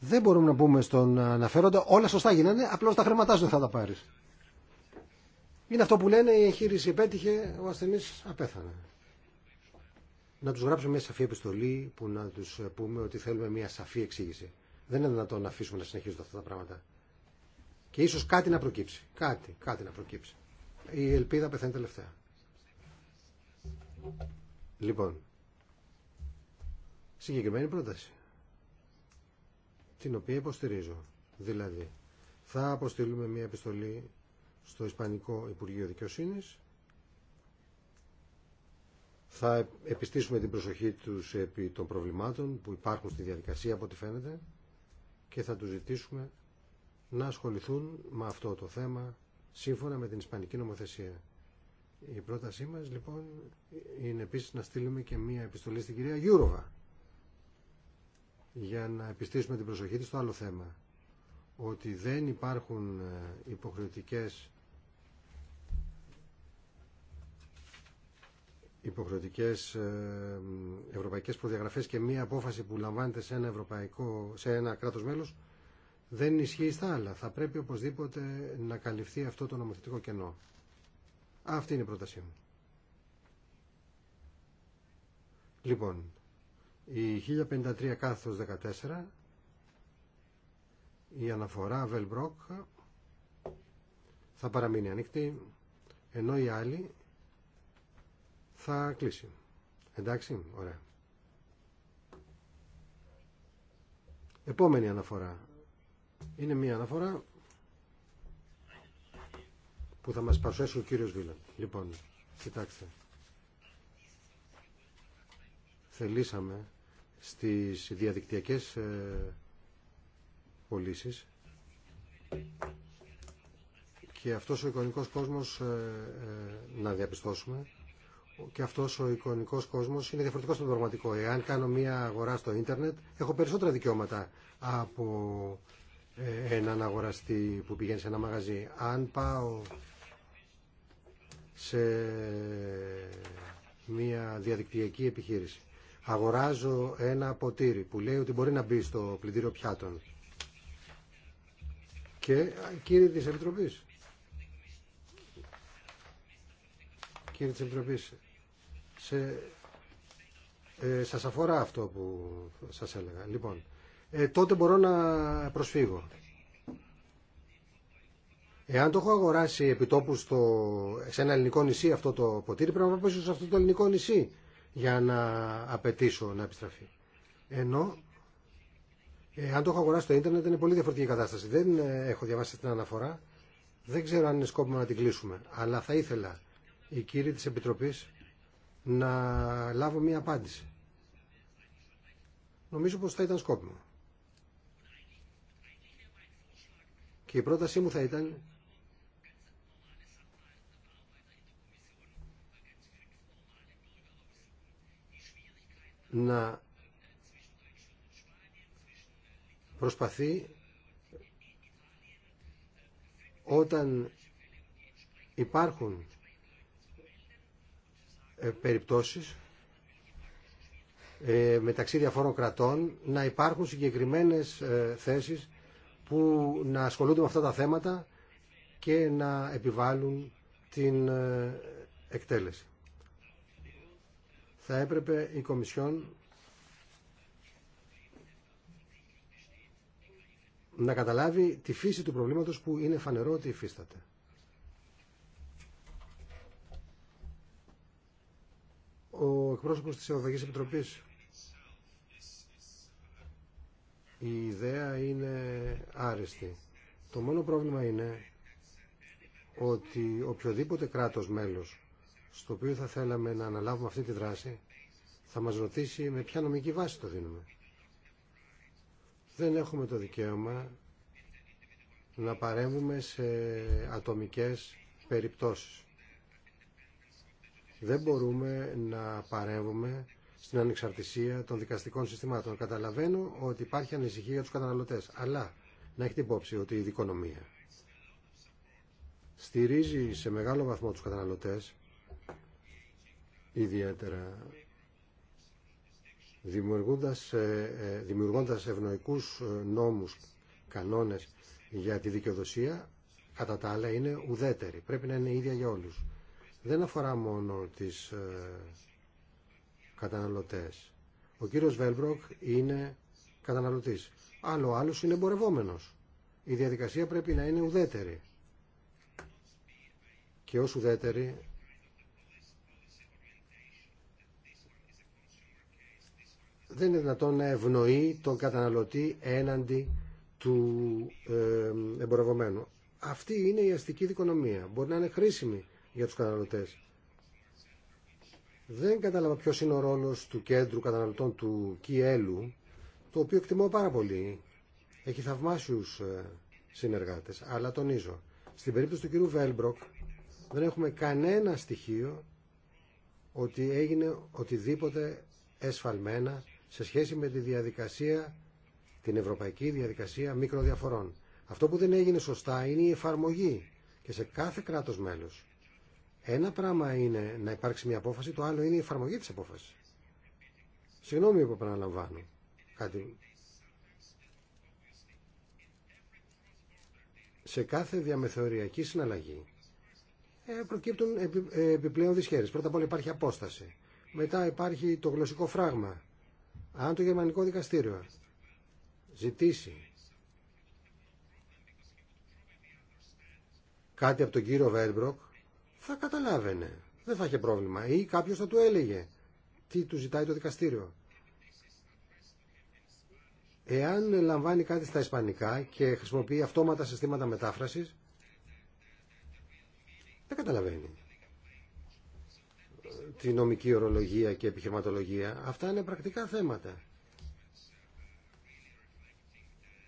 [SPEAKER 3] Δεν μπορούμε να πούμε στον αναφέροντα όλα σωστά γίνανε, απλώς τα χρηματάζουν, δεν θα τα πάρεις. Είναι αυτό που λένε η εγχείρηση επέτυχε, ο ασθενής απέθανε να τους γράψουμε μια σαφή επιστολή που να τους πούμε ότι θέλουμε μια σαφή εξήγηση. Δεν είναι δυνατόν να αφήσουμε να συνεχίζονται αυτά τα πράγματα. Και ίσως κάτι να προκύψει. Κάτι, κάτι να προκύψει. Η ελπίδα πεθαίνει τελευταία. Λοιπόν, συγκεκριμένη πρόταση, την οποία υποστηρίζω. Δηλαδή, θα αποστείλουμε μια επιστολή στο Ισπανικό Υπουργείο Δικαιοσύνης θα επιστήσουμε την προσοχή τους επί των προβλημάτων που υπάρχουν στη διαδικασία από ό,τι φαίνεται και θα τους ζητήσουμε να ασχοληθούν με αυτό το θέμα σύμφωνα με την Ισπανική νομοθεσία. Η πρότασή μας λοιπόν είναι επίσης να στείλουμε και μία επιστολή στην κυρία Γιούροβα για να επιστήσουμε την προσοχή της στο άλλο θέμα ότι δεν υπάρχουν ε, υποχρεωτικές υποχρεωτικές ε, ευρωπαϊκές προδιαγραφές και μία απόφαση που λαμβάνεται σε ένα, ευρωπαϊκό, σε ένα κράτος μέλος δεν ισχύει στα άλλα. Θα πρέπει οπωσδήποτε να καλυφθεί αυτό το νομοθετικό κενό. Αυτή είναι η πρότασή μου. Λοιπόν, η 1053 κάθος 14, η αναφορά Βελμπρόκ θα παραμείνει ανοιχτή, ενώ οι άλλοι θα κλείσει. Εντάξει, ωραία. Επόμενη αναφορά. Είναι μια αναφορά που θα μας παρουσιάσει ο κύριος Βίλαν. Λοιπόν, κοιτάξτε. Θελήσαμε στις διαδικτυακές ε, πωλήσει και αυτός ο εικονικός κόσμος ε, ε, να διαπιστώσουμε και αυτός ο εικονικό κόσμος είναι διαφορετικός στον πραγματικό. Εάν κάνω μια αγορά στο ίντερνετ, έχω περισσότερα δικαιώματα από ε, έναν αγοραστή που πηγαίνει σε ένα μαγαζί. Αν πάω σε μια διαδικτυακή επιχείρηση, αγοράζω ένα ποτήρι που λέει ότι μπορεί να μπει στο πλυντήριο πιάτων και κύριε της Επιτροπής. Κύριε της Επιτροπής, σε, ε, σας αφορά αυτό που σας έλεγα. Λοιπόν, ε, τότε μπορώ να προσφύγω. Εάν το έχω αγοράσει επιτόπου στο, σε ένα ελληνικό νησί αυτό το ποτήρι, πρέπει να πάω σε αυτό το ελληνικό νησί για να απαιτήσω να επιστραφεί. Ενώ, εάν το έχω αγοράσει στο ίντερνετ, είναι πολύ διαφορετική η κατάσταση. Δεν ε, έχω διαβάσει την αναφορά. Δεν ξέρω αν είναι σκόπιμο να την κλείσουμε. Αλλά θα ήθελα οι κύριοι της Επιτροπής να λάβω μία απάντηση. Νομίζω πως θα ήταν σκόπιμο. Και η πρότασή μου θα ήταν να προσπαθεί όταν υπάρχουν ε, περιπτώσεις ε, μεταξύ διαφόρων κρατών να υπάρχουν συγκεκριμένες ε, θέσεις που να ασχολούνται με αυτά τα θέματα και να επιβάλλουν την εκτέλεση. Θα έπρεπε η Κομισιόν να καταλάβει τη φύση του προβλήματος που είναι φανερό ότι υφίσταται. ο εκπρόσωπος της Ευρωπαϊκής Επιτροπής. Η ιδέα είναι άριστη. Το μόνο πρόβλημα είναι ότι οποιοδήποτε κράτος μέλος στο οποίο θα θέλαμε να αναλάβουμε αυτή τη δράση θα μας ρωτήσει με ποια νομική βάση το δίνουμε. Δεν έχουμε το δικαίωμα να παρέμβουμε σε ατομικές περιπτώσεις. Δεν μπορούμε να παρεύουμε στην ανεξαρτησία των δικαστικών συστημάτων. Καταλαβαίνω ότι υπάρχει ανησυχία για τους καταναλωτές, αλλά να έχετε υπόψη ότι η δικονομία στηρίζει σε μεγάλο βαθμό τους καταναλωτές, ιδιαίτερα δημιουργώντας, ε, ε, δημιουργώντας ευνοϊκούς ε, νόμους, κανόνες για τη δικαιοδοσία, κατά τα άλλα είναι ουδέτερη. Πρέπει να είναι ίδια για όλους δεν αφορά μόνο τις ε, καταναλωτές. Ο κύριος Βέλμπροκ είναι καταναλωτής. Άλλο άλλος είναι εμπορευόμενος. Η διαδικασία πρέπει να είναι ουδέτερη. Και ως ουδέτερη δεν είναι δυνατόν να ευνοεί τον καταναλωτή έναντι του ε, εμπορευομένου. Αυτή είναι η αστική δικονομία. Μπορεί να είναι χρήσιμη για τους καταναλωτές. Δεν κατάλαβα ποιος είναι ο ρόλος του κέντρου καταναλωτών του Κιέλου, το οποίο εκτιμώ πάρα πολύ. Έχει θαυμάσιους ε, συνεργάτες, αλλά τονίζω. Στην περίπτωση του κυρίου Βέλμπροκ δεν έχουμε κανένα στοιχείο ότι έγινε οτιδήποτε εσφαλμένα σε σχέση με τη διαδικασία, την ευρωπαϊκή διαδικασία μικροδιαφορών. Αυτό που δεν έγινε σωστά είναι η εφαρμογή και σε κάθε κράτος μέλος. Ένα πράγμα είναι να υπάρξει μια απόφαση, το άλλο είναι η εφαρμογή της απόφασης. Συγγνώμη που επαναλαμβάνω κάτι. Σε κάθε διαμεθοριακή συναλλαγή ε, προκύπτουν ε, επιπλέον δυσχέρειες. Πρώτα απ' όλα υπάρχει απόσταση. Μετά υπάρχει το γλωσσικό φράγμα. Αν το γερμανικό δικαστήριο ζητήσει κάτι από τον κύριο Βέρμπροκ, θα καταλάβαινε. Δεν θα είχε πρόβλημα. Ή κάποιο θα του έλεγε τι του ζητάει το δικαστήριο. Εάν λαμβάνει κάτι στα ισπανικά και χρησιμοποιεί αυτόματα συστήματα μετάφρασης, δεν καταλαβαίνει τη νομική ορολογία και επιχειρηματολογία. Αυτά είναι πρακτικά θέματα.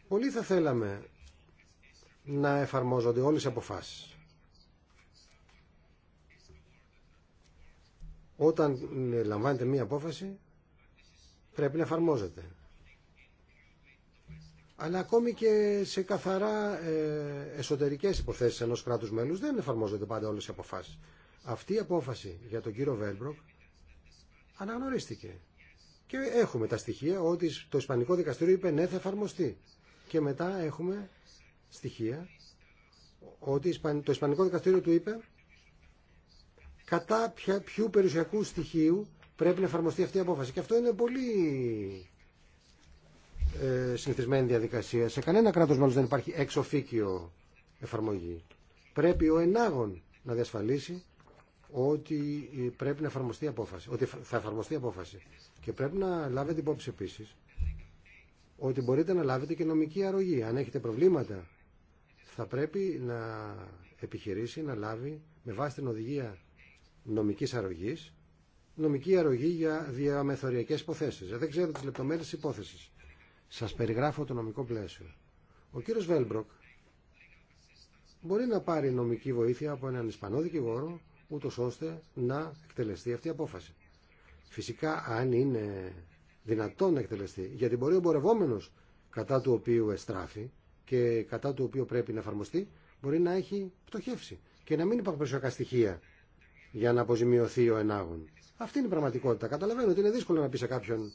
[SPEAKER 3] Πολλοί θα θέλαμε να εφαρμόζονται όλες οι αποφάσεις. Όταν λαμβάνετε μία απόφαση πρέπει να εφαρμόζεται. Αλλά ακόμη και σε καθαρά ε, εσωτερικές υποθέσεις ενός κράτους μέλους δεν εφαρμόζονται πάντα όλες οι αποφάσεις. Αυτή η απόφαση για τον κύριο Βέλμπροκ αναγνωρίστηκε. Και έχουμε τα στοιχεία ότι το Ισπανικό Δικαστήριο είπε ναι θα εφαρμοστεί. Και μετά έχουμε στοιχεία ότι το Ισπανικό Δικαστήριο του είπε κατά ποιου περιουσιακού στοιχείου πρέπει να εφαρμοστεί αυτή η απόφαση. Και αυτό είναι πολύ ε, συνηθισμένη διαδικασία. Σε κανένα κράτος μάλλον δεν υπάρχει εξοφίκιο εφαρμογή. Πρέπει ο ενάγων να διασφαλίσει ότι πρέπει να εφαρμοστεί απόφαση, ότι θα εφαρμοστεί απόφαση. Και πρέπει να λάβετε υπόψη επίση ότι μπορείτε να λάβετε και νομική αρρωγή. Αν έχετε προβλήματα, θα πρέπει να επιχειρήσει να λάβει με βάση την οδηγία νομικής αρρωγής, νομική αρρωγή για διαμεθοριακές υποθέσεις. Δεν ξέρω τις λεπτομέρειε της υπόθεσης. Σας περιγράφω το νομικό πλαίσιο. Ο κύριος Βέλμπροκ μπορεί να πάρει νομική βοήθεια από έναν Ισπανό δικηγόρο, ούτω ώστε να εκτελεστεί αυτή η απόφαση. Φυσικά, αν είναι δυνατόν να εκτελεστεί, γιατί μπορεί ο εμπορευόμενο κατά του οποίου εστράφει και κατά του οποίου πρέπει να εφαρμοστεί, μπορεί να έχει πτωχεύσει και να μην υπάρχουν περιουσιακά στοιχεία για να αποζημιωθεί ο ενάγων. Αυτή είναι η πραγματικότητα. Καταλαβαίνω ότι είναι δύσκολο να πει σε κάποιον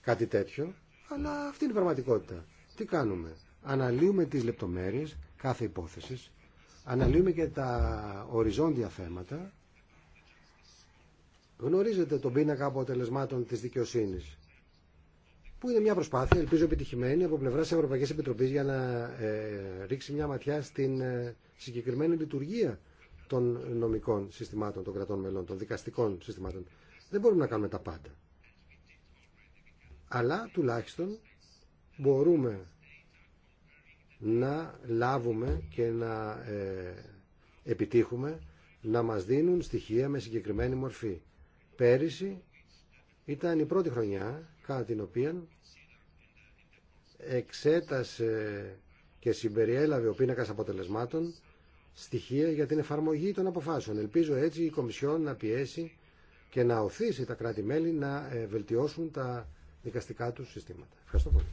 [SPEAKER 3] κάτι τέτοιο, αλλά αυτή είναι η πραγματικότητα. Τι κάνουμε. Αναλύουμε τις λεπτομέρειες κάθε υπόθεση, αναλύουμε και τα οριζόντια θέματα. Γνωρίζετε τον πίνακα αποτελεσμάτων της δικαιοσύνης, που είναι μια προσπάθεια, ελπίζω επιτυχημένη, από πλευρά της Ευρωπαϊκής Επιτροπής για να ε, ρίξει μια ματιά στην ε, συγκεκριμένη λειτουργία των νομικών συστημάτων των κρατών μελών, των δικαστικών συστημάτων. Δεν μπορούμε να κάνουμε τα πάντα. Αλλά τουλάχιστον μπορούμε να λάβουμε και να ε, επιτύχουμε να μας δίνουν στοιχεία με συγκεκριμένη μορφή. Πέρυσι ήταν η πρώτη χρονιά κατά την οποία εξέτασε και συμπεριέλαβε ο πίνακας αποτελεσμάτων στοιχεία για την εφαρμογή των αποφάσεων. Ελπίζω έτσι η Κομισιόν να πιέσει και να οθήσει τα κράτη-μέλη να ε, βελτιώσουν τα δικαστικά τους συστήματα. Ευχαριστώ πολύ.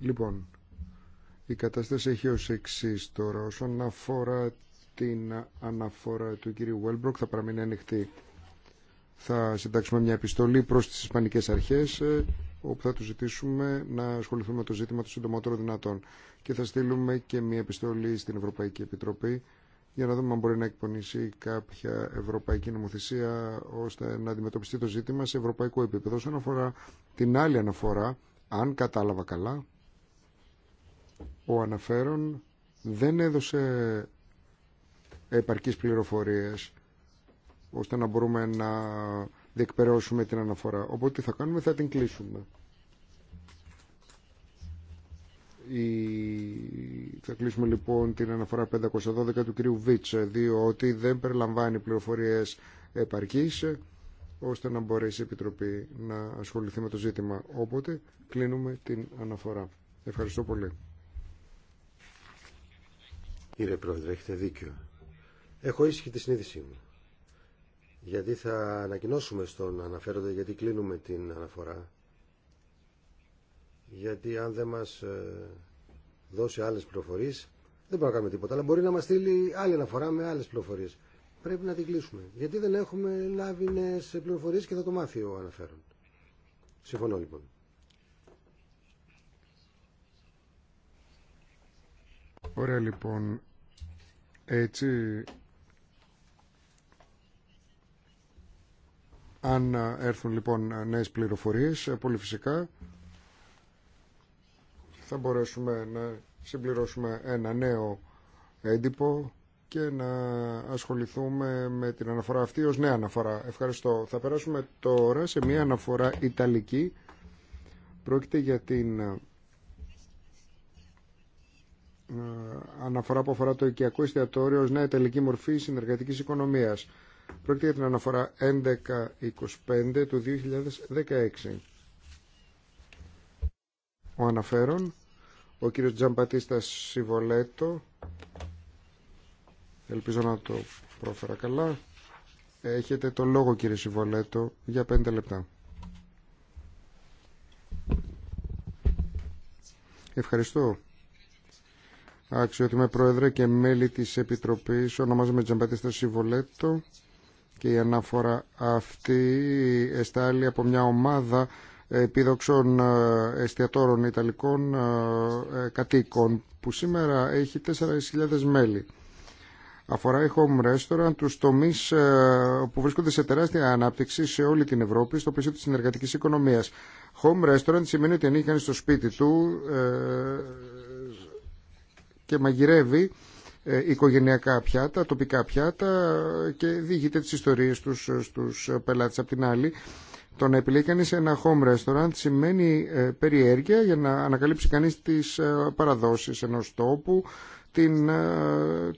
[SPEAKER 4] Λοιπόν, η κατάσταση έχει ως εξή τώρα. Όσον αφορά την αναφορά του κύριου Βέλμπροκ θα παραμείνει ανοιχτή. Θα συντάξουμε μια επιστολή προς τις Ισπανικές Αρχές ε, όπου θα τους ζητήσουμε να ασχοληθούμε με το ζήτημα του συντομότερο δυνατόν. Και θα στείλουμε και μια επιστολή στην Ευρωπαϊκή Επιτροπή για να δούμε αν μπορεί να εκπονήσει κάποια ευρωπαϊκή νομοθεσία ώστε να αντιμετωπιστεί το ζήτημα σε ευρωπαϊκό επίπεδο. Όσον αφορά την άλλη αναφορά, αν κατάλαβα καλά, ο αναφέρον δεν έδωσε επαρκείς πληροφορίες ώστε να μπορούμε να διεκπαιρεώσουμε την αναφορά. Οπότε τι θα κάνουμε, θα την κλείσουμε. Θα κλείσουμε λοιπόν την αναφορά 512 του κυρίου Βίτσε, διότι δεν περιλαμβάνει πληροφορίες επαρκής, ώστε να μπορέσει η Επιτροπή να ασχοληθεί με το ζήτημα. Οπότε κλείνουμε την αναφορά. Ευχαριστώ πολύ.
[SPEAKER 3] Κύριε Πρόεδρε, έχετε δίκιο. Έχω ίσχυ τη συνείδησή μου γιατί θα ανακοινώσουμε στον αναφέροντα γιατί κλείνουμε την αναφορά γιατί αν δεν μας ε, δώσει άλλες πληροφορίες δεν μπορούμε να κάνουμε τίποτα αλλά μπορεί να μας στείλει άλλη αναφορά με άλλες πληροφορίες πρέπει να την κλείσουμε γιατί δεν έχουμε λάβει νέες πληροφορίες και θα το μάθει ο αναφέρον συμφωνώ λοιπόν
[SPEAKER 4] Ωραία λοιπόν έτσι Αν έρθουν λοιπόν νέες πληροφορίες, πολύ φυσικά θα μπορέσουμε να συμπληρώσουμε ένα νέο έντυπο και να ασχοληθούμε με την αναφορά αυτή ως νέα αναφορά. Ευχαριστώ. Θα περάσουμε τώρα σε μια αναφορά ιταλική. Πρόκειται για την ε, αναφορά που αφορά το οικιακό εστιατόριο ως νέα ιταλική μορφή συνεργατικής οικονομίας. Πρόκειται για την αναφορά 1125 του 2016. Ο αναφέρον, ο κύριος Τζαμπατίστα Σιβολέτο, ελπίζω να το πρόφερα καλά, έχετε το λόγο κύριε Σιβολέτο για 5 λεπτά. Ευχαριστώ. Αξιότιμε Πρόεδρε και μέλη της Επιτροπής, ονομάζομαι Τζαμπατίστα Σιβολέτο. Και η αναφορά αυτή εστάλει από μια ομάδα επίδοξων ε, εστιατόρων Ιταλικών ε, ε, κατοίκων που σήμερα έχει 4.000 μέλη. Αφορά η home restaurant τους τομείς που βρίσκονται σε τεράστια ανάπτυξη σε όλη την Ευρώπη στο πλαίσιο της συνεργατικής οικονομίας. Home restaurant σημαίνει ότι ανήκει στο σπίτι του και μαγειρεύει ε, οικογενειακά πιάτα, τοπικά πιάτα και διηγείται τις ιστορίες τους ε, στους ε, πελάτες. Απ' την άλλη, το να επιλέγει κανείς ένα home restaurant σημαίνει περιέργεια για να ανακαλύψει κανείς τις παραδόσεις ενός τόπου, την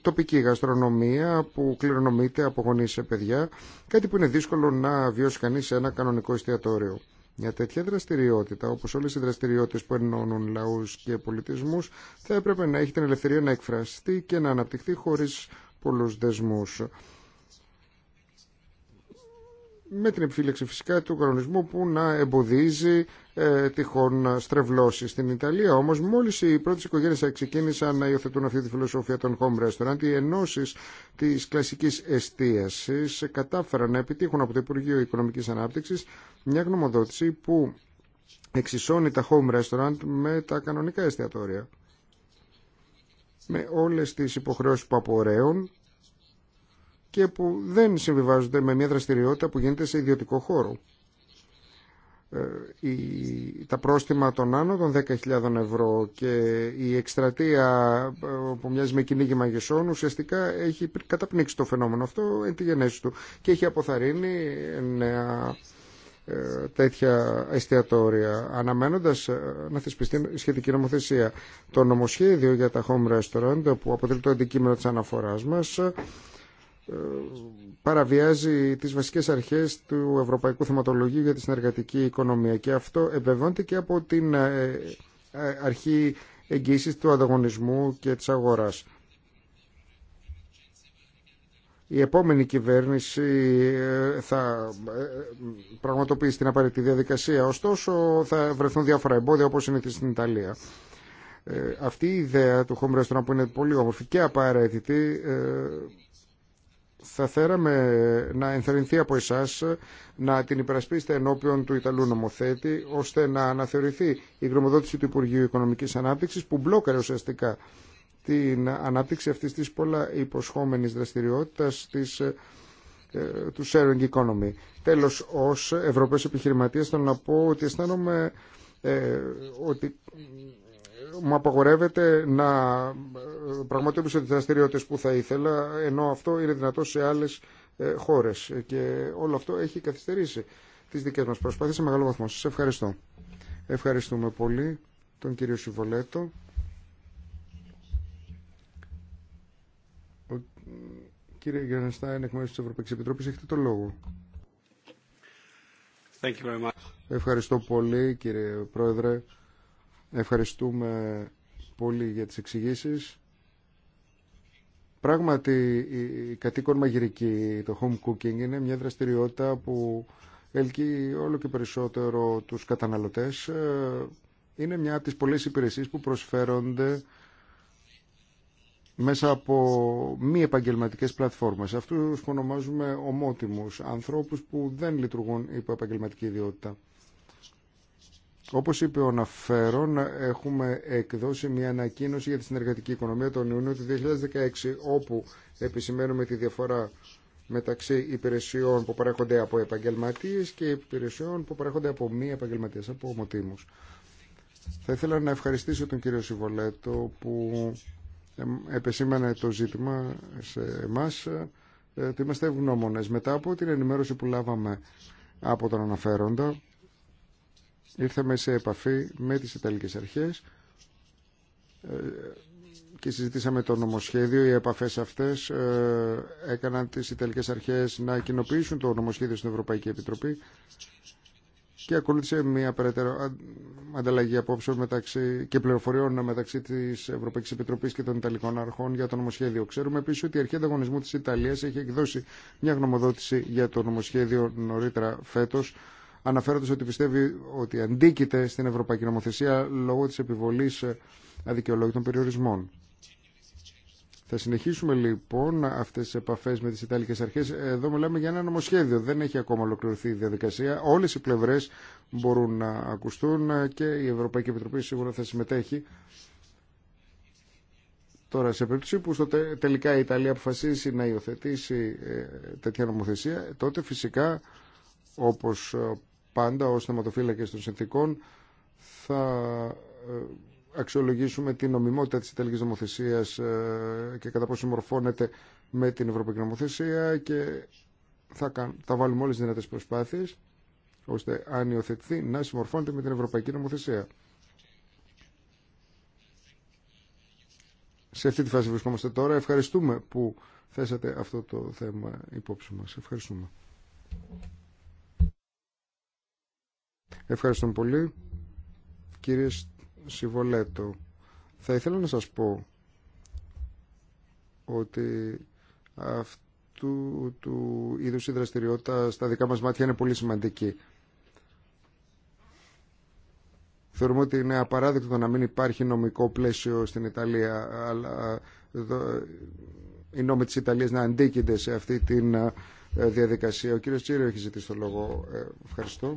[SPEAKER 4] τοπική γαστρονομία που κληρονομείται από γονείς σε παιδιά, κάτι που είναι δύσκολο να βιώσει κανείς σε ένα κανονικό εστιατόριο. Μια τέτοια δραστηριότητα, όπως όλες οι δραστηριότητε που ενώνουν λαού και πολιτισμού, θα έπρεπε να έχει την ελευθερία να εκφραστεί και να αναπτυχθεί χωρίς πολλού δεσμού με την επιφύλαξη φυσικά του κανονισμού που να εμποδίζει ε, τυχόν στρεβλώσει. Στην Ιταλία όμω, μόλι οι πρώτε οικογένειε ξεκίνησαν να υιοθετούν αυτή τη φιλοσοφία των home restaurant, οι ενώσει τη κλασική εστίαση κατάφεραν να επιτύχουν από το Υπουργείο Οικονομική Ανάπτυξη μια γνωμοδότηση που εξισώνει τα home restaurant με τα κανονικά εστιατόρια. Με όλες τις υποχρεώσεις που απορρέουν και που δεν συμβιβάζονται με μια δραστηριότητα που γίνεται σε ιδιωτικό χώρο. Ε, η, τα πρόστιμα των άνω των 10.000 ευρώ και η εκστρατεία ε, που μοιάζει με κυνήγη μαγισσών ουσιαστικά έχει καταπνίξει το φαινόμενο αυτό εν τη γενέση του και έχει αποθαρρύνει νέα ε, τέτοια εστιατόρια αναμένοντας να θεσπιστεί σχετική νομοθεσία. Το νομοσχέδιο για τα home restaurant που αποτελεί το αντικείμενο της αναφοράς μας ε, παραβιάζει τις βασικές αρχές του Ευρωπαϊκού Θεματολογίου για τη Συνεργατική Οικονομία και αυτό εμπεβεβαιώνεται και από την ε, ε, αρχή εγγύησης του ανταγωνισμού και της αγοράς. Η επόμενη κυβέρνηση θα πραγματοποιήσει την απαραίτητη διαδικασία, ωστόσο θα βρεθούν διάφορα εμπόδια όπως είναι και στην Ιταλία. Αυτή η ιδέα του Χόμπρεστονα που είναι πολύ όμορφη και απαραίτητη θα θέλαμε να ενθαρρυνθεί από εσά να την υπερασπίσετε ενώπιον του Ιταλού νομοθέτη, ώστε να αναθεωρηθεί η γνωμοδότηση του Υπουργείου Οικονομικής Ανάπτυξη, που μπλόκαρε ουσιαστικά την ανάπτυξη αυτή τη πολλά υποσχόμενη δραστηριότητα ε, του sharing economy. Τέλος, ως Ευρωπαίος επιχειρηματίας θέλω να πω ότι αισθάνομαι ε, ότι μου απαγορεύεται να ε, πραγματοποιήσω τις δραστηριότητε που θα ήθελα, ενώ αυτό είναι δυνατό σε άλλες ε, χώρες. Και όλο αυτό έχει καθυστερήσει τις δικές μας προσπάθειε σε μεγάλο βαθμό. Σα ευχαριστώ. Ευχαριστούμε πολύ τον κύριο Σιβολέτο. Ο... Κύριε Γιάννη Στάιν, εκ μέρου τη Ευρωπαϊκή Επιτροπή, έχετε το λόγο.
[SPEAKER 1] Thank you very much.
[SPEAKER 4] Ευχαριστώ πολύ κύριε Πρόεδρε. Ευχαριστούμε πολύ για τις εξηγήσει. Πράγματι η κατοίκον μαγειρική, το home cooking είναι μια δραστηριότητα που ελκύει όλο και περισσότερο τους καταναλωτές. Είναι μια από τις πολλές υπηρεσίες που προσφέρονται μέσα από μη επαγγελματικές πλατφόρμες. Αυτούς που ονομάζουμε ομότιμους, ανθρώπους που δεν λειτουργούν υπό επαγγελματική ιδιότητα. Όπως είπε ο Ναφέρον, έχουμε εκδώσει μια ανακοίνωση για τη συνεργατική οικονομία τον Ιούνιο του 2016, όπου επισημαίνουμε τη διαφορά μεταξύ υπηρεσιών που παρέχονται από επαγγελματίες και υπηρεσιών που παρέχονται από μη επαγγελματίες, από ομοτήμους. Θα ήθελα να ευχαριστήσω τον κύριο Σιβολέτο που επεσήμανε το ζήτημα σε εμάς ε, ότι είμαστε ευγνώμονες. Μετά από την ενημέρωση που λάβαμε από τον αναφέροντα, ήρθαμε σε επαφή με τις Ιταλικές Αρχές ε, και συζητήσαμε το νομοσχέδιο. Οι επαφές αυτές ε, έκαναν τις Ιταλικές Αρχές να κοινοποιήσουν το νομοσχέδιο στην Ευρωπαϊκή Επιτροπή και ακολούθησε μια περαιτέρω ανταλλαγή απόψεων μεταξύ, και πληροφοριών μεταξύ τη Ευρωπαϊκή Επιτροπή και των Ιταλικών Αρχών για το νομοσχέδιο. Ξέρουμε επίση ότι η Αρχή Ανταγωνισμού τη Ιταλία έχει εκδώσει μια γνωμοδότηση για το νομοσχέδιο νωρίτερα φέτο αναφέροντα ότι πιστεύει ότι αντίκειται στην Ευρωπαϊκή Νομοθεσία λόγω τη επιβολή ε, αδικαιολόγητων περιορισμών. Θα συνεχίσουμε λοιπόν αυτέ τι επαφέ με τι Ιταλικέ Αρχέ. Εδώ μιλάμε για ένα νομοσχέδιο. Δεν έχει ακόμα ολοκληρωθεί η διαδικασία. Όλε οι πλευρέ μπορούν να ακουστούν και η Ευρωπαϊκή Επιτροπή σίγουρα θα συμμετέχει. Τώρα, σε περίπτωση που στο τελικά η Ιταλία αποφασίσει να υιοθετήσει ε, τέτοια νομοθεσία, τότε φυσικά, όπως ε, πάντα ως θεματοφύλακες των συνθήκων θα ε, αξιολογήσουμε την νομιμότητα της Ιταλικής νομοθεσίας ε, και κατά πόσο μορφώνεται με την Ευρωπαϊκή Νομοθεσία και θα, θα βάλουμε όλες τις δυνατές προσπάθειες ώστε αν υιοθετηθεί να συμμορφώνεται με την Ευρωπαϊκή Νομοθεσία. Σε αυτή τη φάση βρισκόμαστε τώρα. Ευχαριστούμε που θέσατε αυτό το θέμα υπόψη μας. Ευχαριστούμε. Ευχαριστώ πολύ. Κύριε Σιβολέτο, θα ήθελα να σας πω ότι αυτού του είδους η δραστηριότητα στα δικά μας μάτια είναι πολύ σημαντική. Θεωρούμε ότι είναι απαράδεκτο να μην υπάρχει νομικό πλαίσιο στην Ιταλία, αλλά οι νόμοι της Ιταλίας να αντίκεινται σε αυτή τη ε, διαδικασία. Ο κύριος Τσίριο έχει ζητήσει το λόγο. Ε, ευχαριστώ.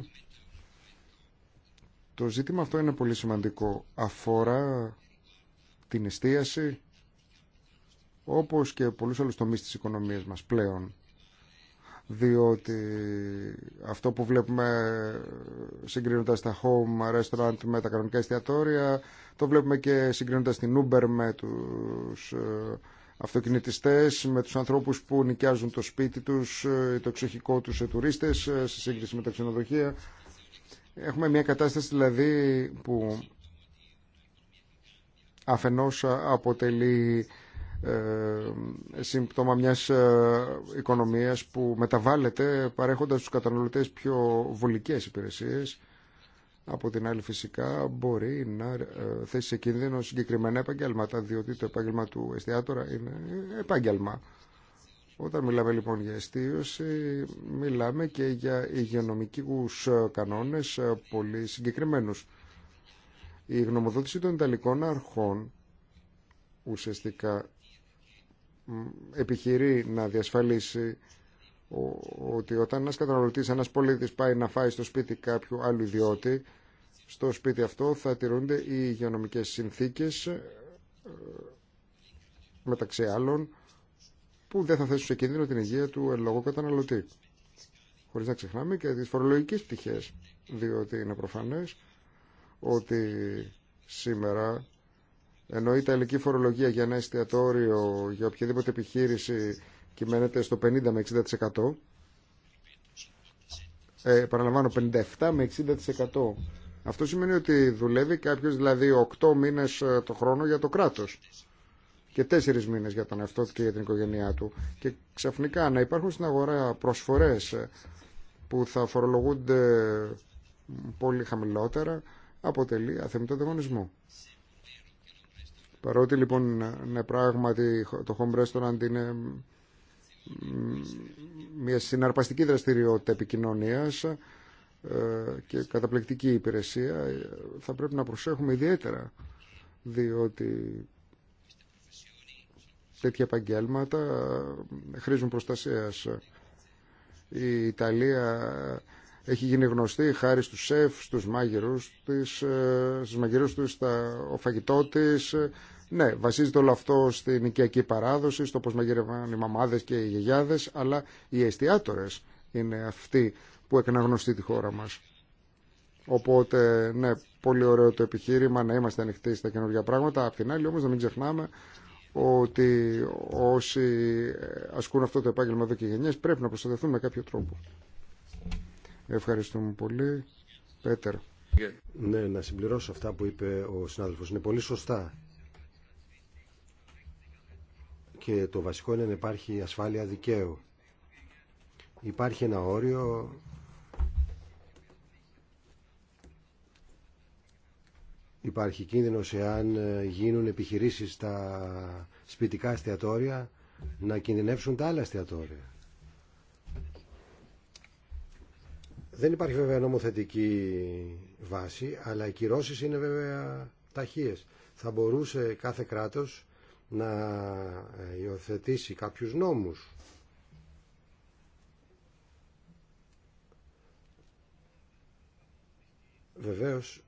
[SPEAKER 4] Το ζήτημα αυτό είναι πολύ σημαντικό. Αφορά την εστίαση, όπως και πολλούς άλλους τομείς της οικονομίας μας πλέον. Διότι αυτό που βλέπουμε συγκρίνοντας τα home restaurant με τα κανονικά εστιατόρια, το βλέπουμε και συγκρίνοντας την Uber με τους ε, αυτοκινητιστές, με τους ανθρώπους που νοικιάζουν το σπίτι τους, ε, το εξοχικό τους σε τουρίστες, ε, σε σύγκριση με τα ξενοδοχεία. Έχουμε μια κατάσταση δηλαδή που αφενός αποτελεί ε, σύμπτωμα μιας ε, οικονομίας που μεταβάλλεται παρέχοντας στους καταναλωτές πιο βολικές υπηρεσίες. Από την άλλη φυσικά μπορεί να ε, θέσει σε κίνδυνο συγκεκριμένα επαγγέλματα διότι το επάγγελμα του εστιατόρα είναι επάγγελμα όταν μιλάμε λοιπόν για εστίωση, μιλάμε και για υγειονομικούς κανόνες ε, πολύ συγκεκριμένους. Η γνωμοδότηση των Ιταλικών αρχών ουσιαστικά επιχειρεί να διασφαλίσει ότι όταν ένας καταναλωτής, ένας πολίτης πάει να φάει στο σπίτι κάποιου άλλου ιδιώτη, στο σπίτι αυτό θα τηρούνται οι υγειονομικές συνθήκες ε, μεταξύ άλλων που δεν θα θέσουν σε κίνδυνο την υγεία του εν λόγω καταναλωτή. Χωρίς να ξεχνάμε και τις φορολογικέ πτυχές, διότι είναι προφανέ ότι σήμερα ενώ η Ιταλική φορολογία για ένα εστιατόριο, για οποιαδήποτε επιχείρηση κυμαίνεται στο 50 με 60%, ε, παραλαμβάνω 57 με 60%. Αυτό σημαίνει ότι δουλεύει κάποιος δηλαδή 8 μήνες ε, το χρόνο για το κράτος και τέσσερι μήνε για τον εαυτό του και για την οικογένειά του. Και ξαφνικά να υπάρχουν στην αγορά προσφορέ που θα φορολογούνται πολύ χαμηλότερα αποτελεί αθέμητο ανταγωνισμό. Παρότι λοιπόν ναι, πράγματι το home restaurant είναι μια συναρπαστική δραστηριότητα επικοινωνίας ε, και καταπληκτική υπηρεσία ε, θα πρέπει να προσέχουμε ιδιαίτερα διότι τέτοια επαγγέλματα ε, χρήζουν προστασίας. Η Ιταλία έχει γίνει γνωστή χάρη στους σεφ, στους μάγειρους της, ε, στους μαγειρούς της, στα, ο φαγητό της. Ναι, βασίζεται όλο αυτό στην οικιακή παράδοση, στο πώς μαγειρεύαν οι μαμάδες και οι γιαγιάδες, αλλά οι εστιατόρες είναι αυτοί που έκαναν γνωστή τη χώρα μας. Οπότε, ναι, πολύ ωραίο το επιχείρημα να είμαστε ανοιχτοί στα καινούργια πράγματα. Απ' την άλλη, όμως, να μην ξεχνάμε ότι όσοι ασκούν αυτό το επάγγελμα εδώ και γενιές πρέπει να προστατευτούν με κάποιο τρόπο. Ευχαριστούμε πολύ.
[SPEAKER 3] Πέτερ. Ναι, να συμπληρώσω αυτά που είπε ο συνάδελφος. Είναι πολύ σωστά. Και το βασικό είναι να υπάρχει ασφάλεια δικαίου. Υπάρχει ένα όριο υπάρχει κίνδυνος εάν ε, γίνουν επιχειρήσεις στα σπιτικά εστιατόρια να κινδυνεύσουν τα άλλα εστιατόρια. Δεν υπάρχει βέβαια νομοθετική βάση, αλλά οι κυρώσεις είναι βέβαια ταχείες. Θα μπορούσε κάθε κράτος να ε, υιοθετήσει κάποιους νόμους. Βεβαίως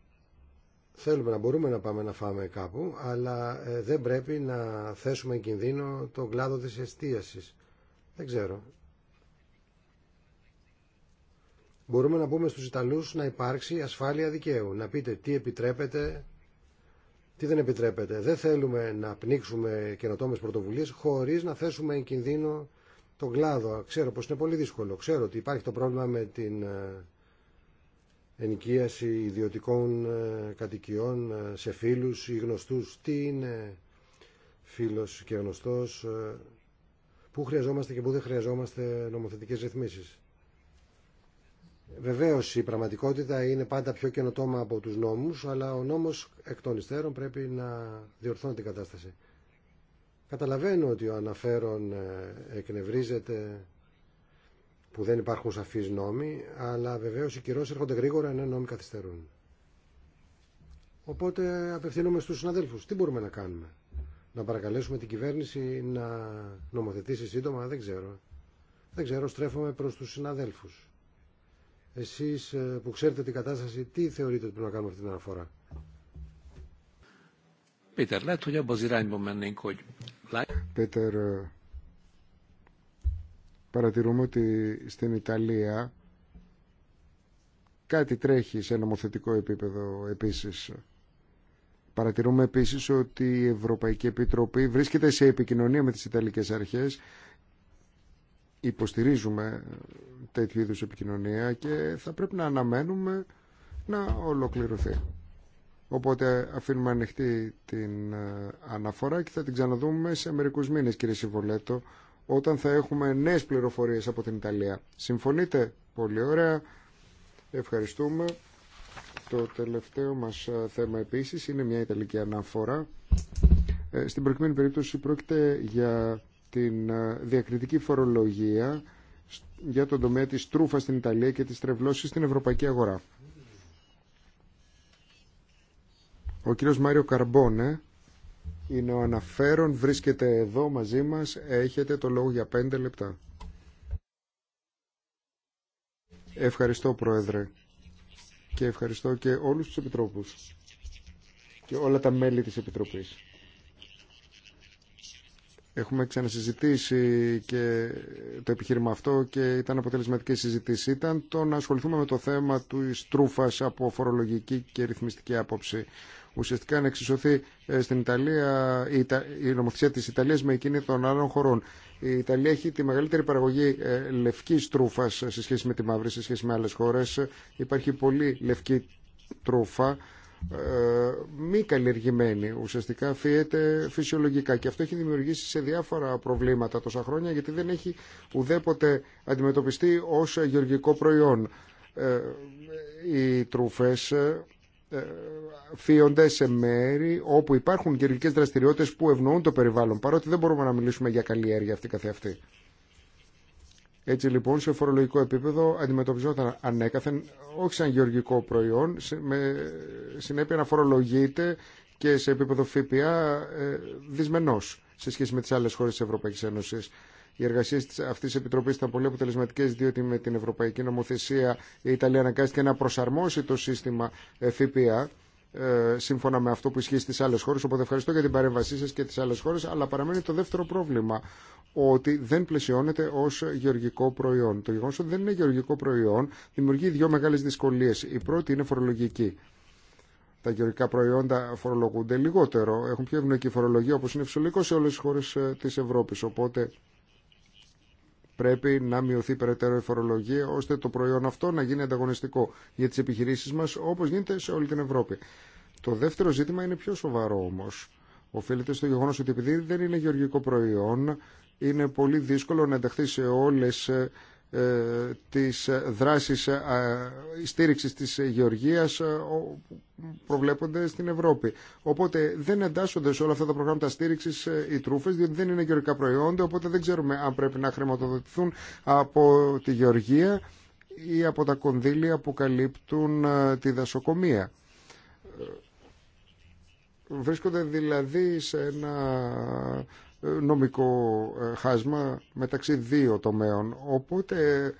[SPEAKER 3] θέλουμε να μπορούμε να πάμε να φάμε κάπου, αλλά ε, δεν πρέπει να θέσουμε εν κινδύνο τον κλάδο της εστίασης. Δεν ξέρω. Μπορούμε να πούμε στους Ιταλούς να υπάρξει ασφάλεια δικαίου, να πείτε τι επιτρέπεται, τι δεν επιτρέπεται. Δεν θέλουμε να πνίξουμε καινοτόμες πρωτοβουλίες χωρίς να θέσουμε εν κινδύνο τον κλάδο. Ξέρω πως είναι πολύ δύσκολο. Ξέρω ότι υπάρχει το πρόβλημα με την ε, ενοικίαση ιδιωτικών ε, κατοικιών ε, σε φίλους ή γνωστούς. Τι είναι φίλος και γνωστός, ε, πού χρειαζόμαστε και πού δεν χρειαζόμαστε νομοθετικές ρυθμίσεις. Βεβαίως η πραγματικότητα είναι πάντα πιο καινοτόμα από τους νόμους, αλλά ο νόμος εκ των υστέρων πρέπει να διορθώνει την κατάσταση. Καταλαβαίνω ότι ο αναφέρον εκνευρίζεται που δεν υπάρχουν σαφείς νόμοι, αλλά βεβαίω οι κυρώσεις έρχονται γρήγορα ενώ νόμοι καθυστερούν. Οπότε απευθύνομαι στους συναδέλφους. Τι μπορούμε να κάνουμε. Να παρακαλέσουμε την κυβέρνηση να νομοθετήσει σύντομα, δεν ξέρω. Δεν ξέρω, στρέφομαι προς τους συναδέλφους. Εσείς ε, που ξέρετε την κατάσταση, τι θεωρείτε ότι πρέπει να κάνουμε αυτή την αναφορά.
[SPEAKER 4] Πίτερ, παρατηρούμε ότι στην Ιταλία κάτι τρέχει σε νομοθετικό επίπεδο επίσης. Παρατηρούμε επίσης ότι η Ευρωπαϊκή Επιτροπή βρίσκεται σε επικοινωνία με τις Ιταλικές Αρχές. Υποστηρίζουμε τέτοιου είδους επικοινωνία και θα πρέπει να αναμένουμε να ολοκληρωθεί. Οπότε αφήνουμε ανοιχτή την ε, αναφορά και θα την ξαναδούμε σε μερικούς μήνες κύριε Σιβολέτο όταν θα έχουμε νέες πληροφορίες από την Ιταλία. Συμφωνείτε? Πολύ ωραία. Ευχαριστούμε. Το τελευταίο μας ε, θέμα επίσης είναι μια Ιταλική αναφορά. Ε, στην προκειμένη περίπτωση πρόκειται για την ε, διακριτική φορολογία για τον τομέα της τρούφας στην Ιταλία και της τρευλώσης στην ευρωπαϊκή αγορά. Ο κύριος Μάριο Καρμπόνε είναι ο αναφέρον, βρίσκεται εδώ μαζί μας, έχετε το λόγο για πέντε λεπτά. Ευχαριστώ Πρόεδρε και ευχαριστώ και όλους τους Επιτρόπους και όλα τα μέλη της Επιτροπής. Έχουμε ξανασυζητήσει και το επιχείρημα αυτό και ήταν αποτελεσματική συζήτηση. Ήταν το να ασχοληθούμε με το θέμα του τρούφας από φορολογική και ρυθμιστική άποψη ουσιαστικά να εξισωθεί ε, στην Ιταλία η, νομοθεσία της Ιταλίας με εκείνη των άλλων χωρών. Η Ιταλία έχει τη μεγαλύτερη παραγωγή ε, λευκής τρούφας σε σχέση με τη μαύρη, σε σχέση με άλλες χώρες. Υπάρχει πολύ λευκή τρούφα ε, μη καλλιεργημένη ουσιαστικά φύεται φυσιολογικά και αυτό έχει δημιουργήσει σε διάφορα προβλήματα τόσα χρόνια γιατί δεν έχει ουδέποτε αντιμετωπιστεί ως γεωργικό προϊόν. Οι τρούφες ε, φύονται σε μέρη όπου υπάρχουν κυρικές δραστηριότητες που ευνοούν το περιβάλλον, παρότι δεν μπορούμε να μιλήσουμε για καλλιέργεια αυτή καθεαυτή. Έτσι λοιπόν σε φορολογικό επίπεδο αντιμετωπιζόταν ανέκαθεν όχι σαν γεωργικό προϊόν, με συνέπεια να φορολογείται και σε επίπεδο ΦΠΑ ε, δυσμενός σε σχέση με τις άλλες χώρες της Ευρωπαϊκής Ένωσης. Οι εργασίε αυτή τη Επιτροπή ήταν πολύ αποτελεσματικέ, διότι με την Ευρωπαϊκή Νομοθεσία η Ιταλία αναγκάστηκε να προσαρμόσει το σύστημα ε, ΦΠΑ ε, σύμφωνα με αυτό που ισχύει στι άλλε χώρε. Οπότε ευχαριστώ για την παρέμβασή σα και τι άλλε χώρε, Αλλά παραμένει το δεύτερο πρόβλημα, ότι δεν πλαισιώνεται ω γεωργικό προϊόν. Το γεγονό ότι δεν είναι γεωργικό προϊόν δημιουργεί δύο μεγάλε δυσκολίε. Η πρώτη είναι φορολογική. Τα γεωργικά προϊόντα φορολογούνται λιγότερο, έχουν πιο ευνοϊκή φορολογία όπω είναι φυσιολογικό σε όλε τι χώρε ε, τη Ευρώπη. Οπότε Πρέπει να μειωθεί περαιτέρω η φορολογία ώστε το προϊόν αυτό να γίνει ανταγωνιστικό για τις επιχειρήσεις μας όπως γίνεται σε όλη την Ευρώπη. Το δεύτερο ζήτημα είναι πιο σοβαρό όμως. Οφείλεται στο γεγονός ότι επειδή δεν είναι γεωργικό προϊόν είναι πολύ δύσκολο να ενταχθεί σε όλες ε, ε, της δράσης ε, στήριξης της γεωργίας ε, προβλέπονται στην Ευρώπη. Οπότε δεν εντάσσονται σε όλα αυτά τα προγράμματα στήριξης οι τρούφες, διότι δεν είναι γεωργικά προϊόντα, οπότε δεν ξέρουμε αν πρέπει να χρηματοδοτηθούν από τη γεωργία ή από τα κονδύλια που καλύπτουν τη δασοκομεία. Βρίσκονται δηλαδή σε ένα νομικό ε, χάσμα μεταξύ δύο τομέων. Οπότε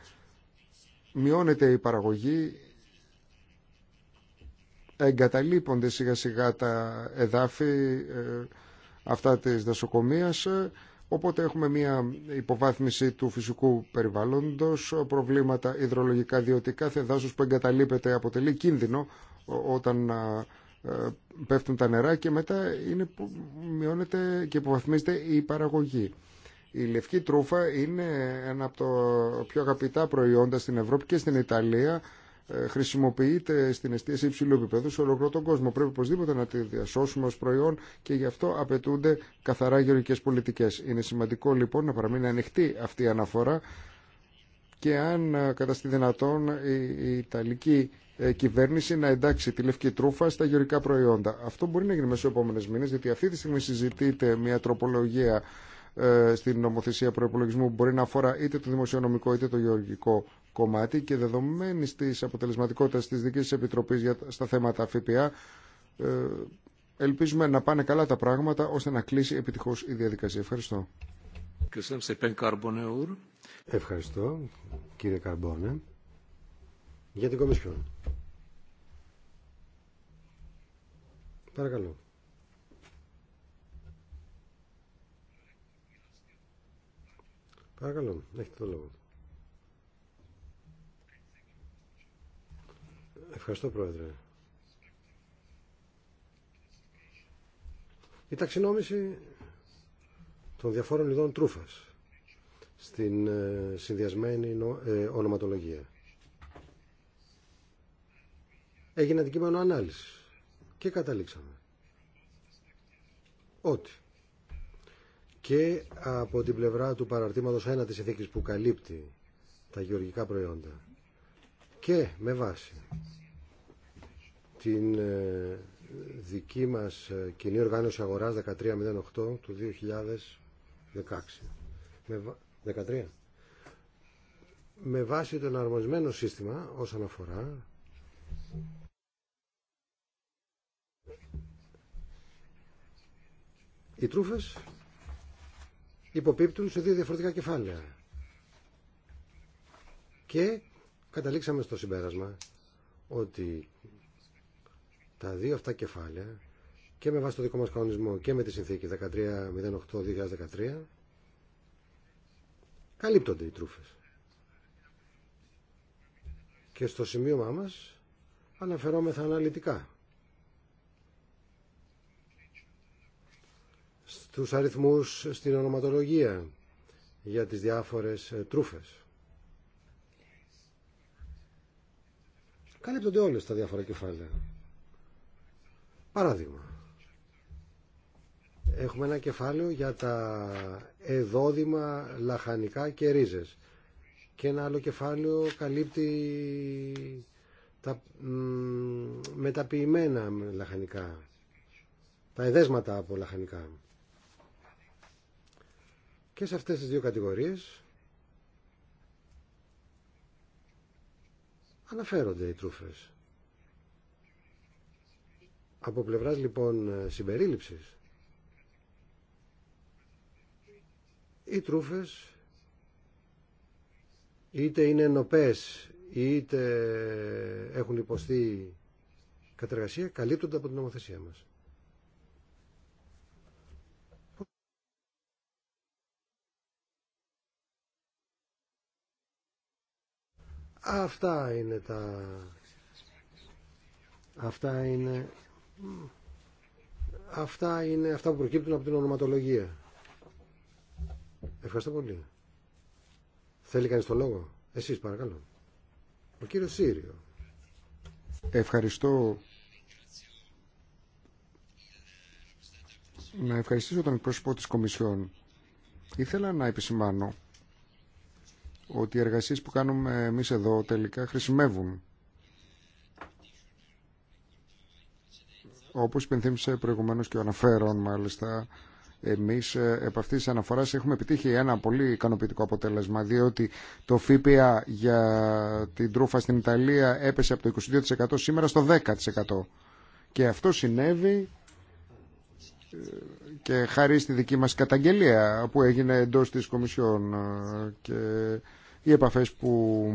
[SPEAKER 4] μειώνεται η παραγωγή, εγκαταλείπονται σιγά σιγά τα εδάφη ε, αυτά της δασοκομείας, οπότε έχουμε μια υποβάθμιση του φυσικού περιβάλλοντος, προβλήματα υδρολογικά, διότι κάθε δάσος που εγκαταλείπεται αποτελεί κίνδυνο όταν ε, πέφτουν τα νερά και μετά είναι που μειώνεται και υποβαθμίζεται η παραγωγή. Η λευκή τρούφα είναι ένα από τα πιο αγαπητά προϊόντα στην Ευρώπη και στην Ιταλία. Ε, χρησιμοποιείται στην εστίαση υψηλού επίπεδου σε ολόκληρο τον κόσμο. Πρέπει οπωσδήποτε να τη διασώσουμε ω προϊόν και γι' αυτό απαιτούνται καθαρά γεωργικέ πολιτικέ. Είναι σημαντικό λοιπόν να παραμείνει ανοιχτή αυτή η αναφορά και αν στη δυνατόν η Ιταλική ε, κυβέρνηση να εντάξει τη λευκή τρούφα στα γεωρικά προϊόντα. Αυτό μπορεί να γίνει μέσα στου επόμενε μήνε, γιατί αυτή τη στιγμή συζητείται μια τροπολογία ε, στην νομοθεσία προπολογισμού που μπορεί να αφορά είτε το δημοσιονομικό είτε το γεωργικό κομμάτι και δεδομένη τη αποτελεσματικότητα τη δική τη Επιτροπή στα θέματα ΦΠΑ, ε, ελπίζουμε να πάνε καλά τα πράγματα ώστε να κλείσει επιτυχώ η διαδικασία. Ευχαριστώ.
[SPEAKER 3] Ευχαριστώ, κύριε Καρμπόνε. Για την Κομισιόν. Παρακαλώ. Παρακαλώ, έχετε το λόγο. Ευχαριστώ, Πρόεδρε. Η ταξινόμηση των διαφόρων ειδών τρούφας στην ε, συνδυασμένη ε, ονοματολογία. Έγινε αντικείμενο ανάλυση και καταλήξαμε ότι και από την πλευρά του παραρτήματος 1 της ηθίκης που καλύπτει τα γεωργικά προϊόντα και με βάση την ε, δική μας κοινή οργάνωση αγοράς 1308 του 2000 16. Με, 13. Με βάση το εναρμοσμένο σύστημα όσον αφορά οι τρούφες υποπίπτουν σε δύο διαφορετικά κεφάλαια. Και καταλήξαμε στο συμπέρασμα ότι τα δύο αυτά κεφάλια και με βάση το δικό μας κανονισμό και με τη συνθήκη 1308-2013 καλύπτονται οι τρούφες. Και στο σημείωμά μας αναφερόμεθα αναλυτικά στους αριθμούς στην ονοματολογία για τις διάφορες ε, τρούφες. Καλύπτονται όλες τα διάφορα κεφάλαια. Παράδειγμα έχουμε ένα κεφάλαιο για τα εδόδημα, λαχανικά και ρίζες. Και ένα άλλο κεφάλαιο καλύπτει τα μεταποιημένα λαχανικά, τα εδέσματα από λαχανικά. Και σε αυτές τις δύο κατηγορίες αναφέρονται οι τρούφες. Από πλευράς λοιπόν συμπερίληψης Οι τρούφες είτε είναι νοπές είτε έχουν υποστεί κατεργασία καλύπτονται από την νομοθεσία μας. Αυτά είναι τα... Αυτά είναι... Αυτά είναι αυτά που προκύπτουν από την ονοματολογία. Ευχαριστώ πολύ. Θέλει κανείς το λόγο. Εσείς παρακαλώ. Ο κύριος Σύριο.
[SPEAKER 4] Ευχαριστώ. Να ευχαριστήσω τον εκπρόσωπο της Κομισιόν. Ήθελα να επισημάνω ότι οι εργασίες που κάνουμε εμείς εδώ τελικά χρησιμεύουν. Όπως υπενθύμισε προηγουμένως και ο αναφέρον μάλιστα, Εμεί ε, επ' αυτής της αναφοράς έχουμε επιτύχει ένα πολύ ικανοποιητικό αποτέλεσμα διότι το ΦΠΑ για την τρούφα στην Ιταλία έπεσε από το 22% σήμερα στο 10%. Και αυτό συνέβη ε, και χάρη στη δική μας καταγγελία που έγινε εντός της Κομισιόν ε, και οι επαφές που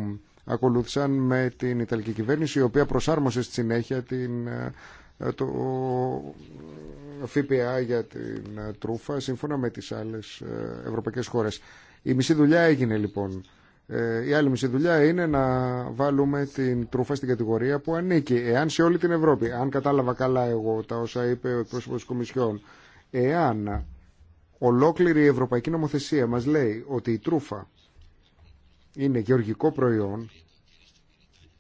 [SPEAKER 4] ακολούθησαν με την Ιταλική κυβέρνηση η οποία προσάρμοσε στη συνέχεια την, το ΦΠΑ για την ε, τρούφα σύμφωνα με τις άλλες ε, ευρωπαϊκές χώρες. Η μισή δουλειά έγινε λοιπόν. Ε, η άλλη μισή δουλειά είναι να βάλουμε την τρούφα στην κατηγορία που ανήκει. Εάν σε όλη την Ευρώπη, αν κατάλαβα καλά εγώ τα όσα είπε ο εκπρόσωπος της Κομισιόν, εάν ολόκληρη η ευρωπαϊκή νομοθεσία μας λέει ότι η τρούφα είναι γεωργικό προϊόν,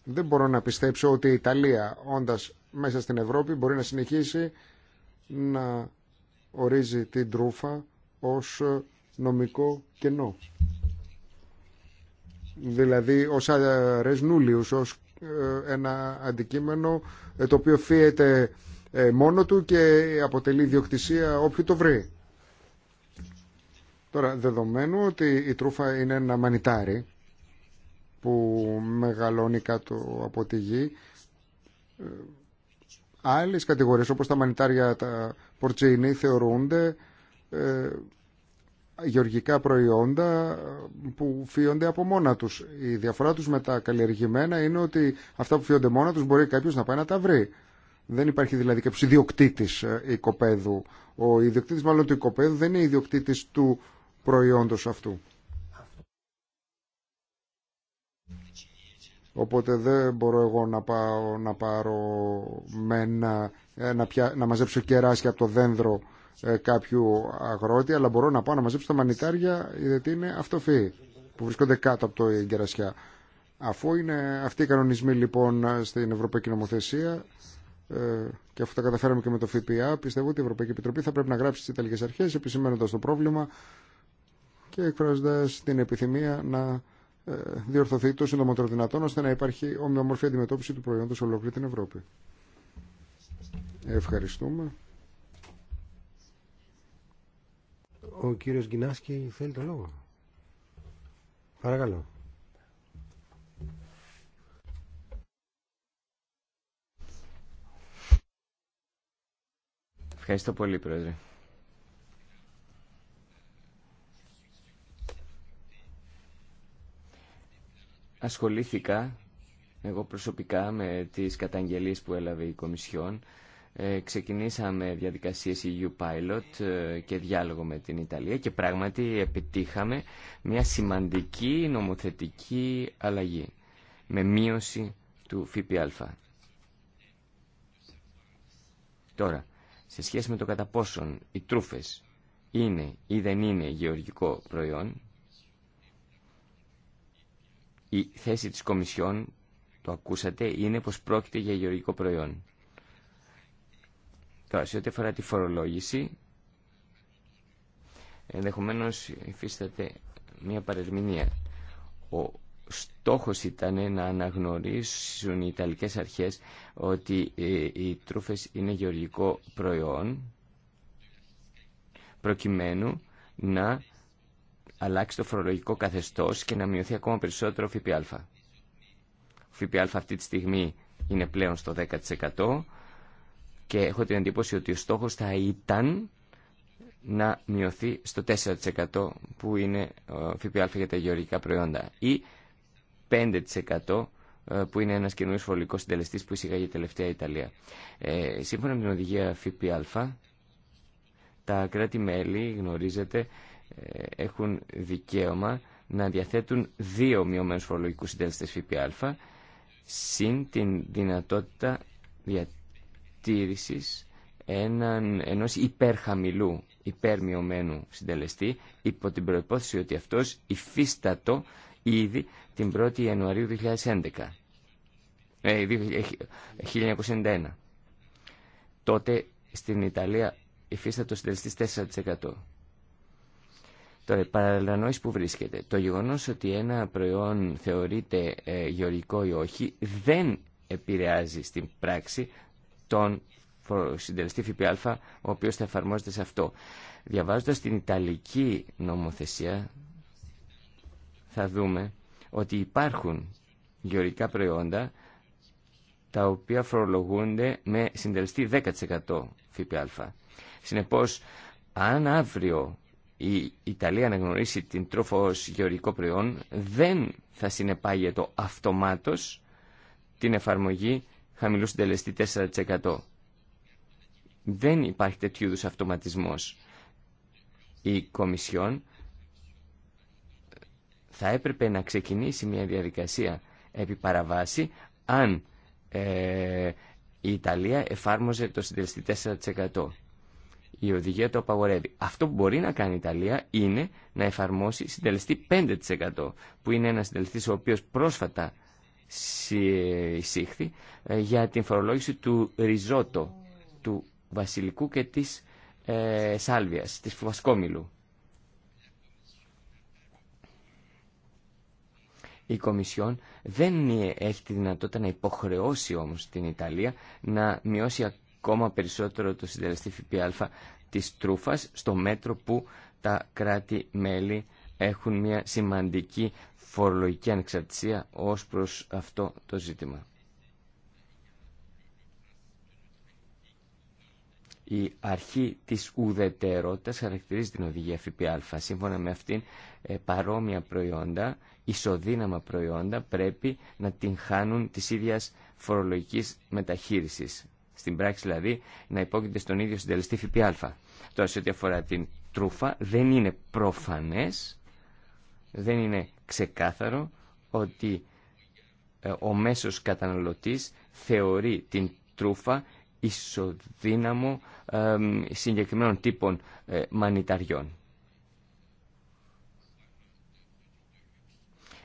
[SPEAKER 4] δεν μπορώ να πιστέψω ότι η Ιταλία, όντας μέσα στην Ευρώπη, μπορεί να συνεχίσει να ορίζει την τρούφα ως νομικό κενό. Δηλαδή ως αρεσνούλιους, ως ε, ένα αντικείμενο ε, το οποίο φύεται ε, μόνο του και αποτελεί διοκτησία όποιου το βρει. Τώρα, δεδομένου ότι η τρούφα είναι ένα μανιτάρι που μεγαλώνει κάτω από τη γη, Άλλε κατηγορίες όπως τα μανιτάρια, τα πορτσίνη θεωρούνται ε, γεωργικά προϊόντα που φύονται από μόνα τους. Η διαφορά τους με τα καλλιεργημένα είναι ότι αυτά που φύονται μόνα τους μπορεί κάποιο να πάει να τα βρει. Δεν υπάρχει δηλαδή κάποιο ιδιοκτήτη ε, οικοπαίδου. Ο ιδιοκτήτη, μάλλον του οικοπαίδου, δεν είναι ιδιοκτήτη του προϊόντο αυτού. Οπότε δεν μπορώ εγώ να πάω να πάρω με να, να μαζέψω κεράσια από το δένδρο ε, κάποιου αγρότη, αλλά μπορώ να πάω να μαζέψω τα μανιτάρια, γιατί είναι αυτοφύη που βρίσκονται κάτω από το κερασιά. Αφού είναι αυτοί οι κανονισμοί λοιπόν στην Ευρωπαϊκή Νομοθεσία ε, και αφού τα καταφέραμε και με το ΦΠΑ, πιστεύω ότι η Ευρωπαϊκή Επιτροπή θα πρέπει να γράψει τι Ιταλικέ Αρχέ, επισημένοντα το πρόβλημα και εκφράζοντα την επιθυμία να ε, διορθωθεί το συντομότερο δυνατόν ώστε να υπάρχει ομοιομορφή αντιμετώπιση του προϊόντος σε ολόκληρη την Ευρώπη. Ευχαριστούμε. Ο
[SPEAKER 3] κύριος Γκινάσκη θέλει το λόγο. Παρακαλώ.
[SPEAKER 2] Ευχαριστώ πολύ, Πρόεδρε. ασχολήθηκα εγώ προσωπικά με τις καταγγελίες που έλαβε η Κομισιόν. Ε, ξεκινήσαμε διαδικασίες EU Pilot ε, και διάλογο με την Ιταλία και πράγματι επιτύχαμε μια σημαντική νομοθετική αλλαγή με μείωση του ΦΠΑ. Τώρα, σε σχέση με το κατά πόσον οι τρούφες είναι ή δεν είναι γεωργικό προϊόν, η θέση της Κομισιόν, το ακούσατε, είναι πως πρόκειται για γεωργικό προϊόν. Τώρα, σε ό,τι αφορά τη φορολόγηση, ενδεχομένως υφίσταται μια παρερμηνία. Ο στόχος ήταν να αναγνωρίσουν οι Ιταλικές αρχές ότι ε, οι τρούφες είναι γεωργικό προϊόν προκειμένου να αλλάξει το φορολογικό καθεστώ και να μειωθεί ακόμα περισσότερο ο ΦΠΑ. Ο ΦΠΑ αυτή τη στιγμή είναι πλέον στο 10% και έχω την εντύπωση ότι ο στόχο θα ήταν να μειωθεί στο 4% που είναι ο ε, ΦΠΑ για τα γεωργικά προϊόντα ή 5% ε, που είναι ένας καινούριος φορολογικός συντελεστής που εισήγαγε τελευταία Ιταλία. Ε, σύμφωνα με την οδηγία ΦΠΑ, τα κράτη-μέλη γνωρίζετε ε, έχουν δικαίωμα να διαθέτουν δύο μειωμένους φορολογικούς συντέλεστες ΦΠΑ συν την δυνατότητα διατήρησης έναν, ενός υπερχαμηλού, υπερμειωμένου συντελεστή υπό την προϋπόθεση ότι αυτός υφίστατο ήδη την 1η Ιανουαρίου 2011. Ε, 1991. Τότε στην Ιταλία υφίστατο συντελεστής 4%. Τώρα, που βρίσκεται. Το γεγονός ότι ένα προϊόν θεωρείται ε, γεωργικό ή όχι δεν επηρεάζει στην πράξη τον συντελεστή ΦΠΑ ο οποίος θα εφαρμόζεται σε αυτό. Διαβάζοντας την Ιταλική νομοθεσία θα δούμε ότι υπάρχουν γεωρικά προϊόντα τα οποία φορολογούνται με συντελεστή 10% ΦΠΑ. Συνεπώς, αν αύριο η Ιταλία να γνωρίσει την τρόφο ως γεωργικό προϊόν δεν θα συνεπάγεται αυτομάτως την εφαρμογή χαμηλού συντελεστή 4%. Δεν υπάρχει τέτοιου είδους αυτοματισμός. Η Κομισιόν θα έπρεπε να ξεκινήσει μια διαδικασία επί παραβάση αν ε, η Ιταλία εφάρμοζε το συντελεστή 4%. Η οδηγία το απαγορεύει. Αυτό που μπορεί να κάνει η Ιταλία είναι να εφαρμόσει συντελεστή 5% που είναι ένα συντελεστή ο οποίος πρόσφατα εισήχθη ε, για την φορολόγηση του ριζότο, του βασιλικού και της ε, σάλβιας, της φουβασκόμηλου. Η Κομισιόν δεν ε, έχει τη δυνατότητα να υποχρεώσει όμως την Ιταλία να μειώσει ακόμα περισσότερο το συντελεστή ΦΠΑ της τρούφας στο μέτρο που τα κράτη-μέλη έχουν μια σημαντική φορολογική ανεξαρτησία ως προς αυτό το ζήτημα. Η αρχή της ουδετερότητας χαρακτηρίζει την οδηγία ΦΠΑ. Σύμφωνα με αυτήν, ε, παρόμοια προϊόντα, ισοδύναμα προϊόντα, πρέπει να την χάνουν της ίδιας φορολογικής μεταχείρισης στην πράξη δηλαδή, να υπόκειται στον ίδιο συντελεστή ΦΠΑ. Τώρα, σε ό,τι αφορά την τρούφα, δεν είναι προφανές, δεν είναι ξεκάθαρο ότι ε, ο μέσος καταναλωτής θεωρεί την τρούφα ισοδύναμο συγκεκριμένων τύπων ε, μανιταριών.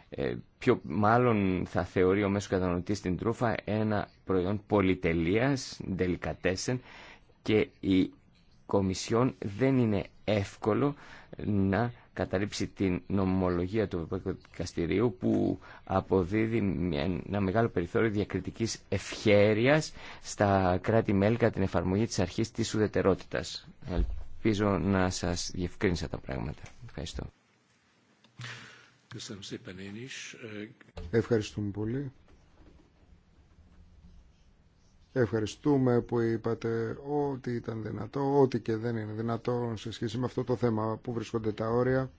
[SPEAKER 2] Ε, πιο μάλλον θα θεωρεί ο μέσος κατανοητής την τρούφα ένα προϊόν πολυτελείας, delicatessen και η Κομισιόν δεν είναι εύκολο να καταρρύψει την νομολογία του Ευρωπαϊκού Δικαστηρίου που αποδίδει ένα μεγάλο περιθώριο διακριτικής ευχέρειας στα κράτη-μέλη κατά την εφαρμογή της αρχής της ουδετερότητας. Ελπίζω να σας διευκρίνησα τα πράγματα. Ευχαριστώ.
[SPEAKER 4] Ευχαριστούμε πολύ. Ευχαριστούμε που είπατε ό,τι ήταν δυνατό, ό,τι και δεν είναι δυνατό σε σχέση με αυτό το θέμα που βρίσκονται τα όρια.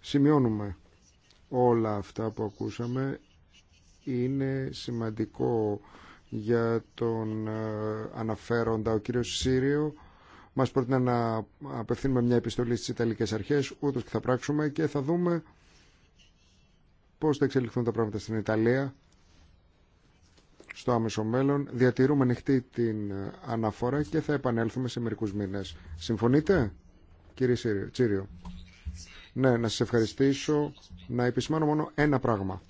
[SPEAKER 4] Σημειώνουμε όλα αυτά που ακούσαμε. Είναι σημαντικό για τον ε, αναφέροντα ο κύριος Σύριο Μα πρότεινε να απευθύνουμε μια επιστολή στι Ιταλικέ αρχέ Ούτω και θα πράξουμε και θα δούμε πώ θα εξελιχθούν τα πράγματα στην Ιταλία στο άμεσο μέλλον. Διατηρούμε ανοιχτή την αναφορά και θα επανέλθουμε σε μερικού μήνε. Συμφωνείτε, κύριε Τσίριο. Ναι, να σας ευχαριστήσω. Να επισημάνω μόνο ένα πράγμα.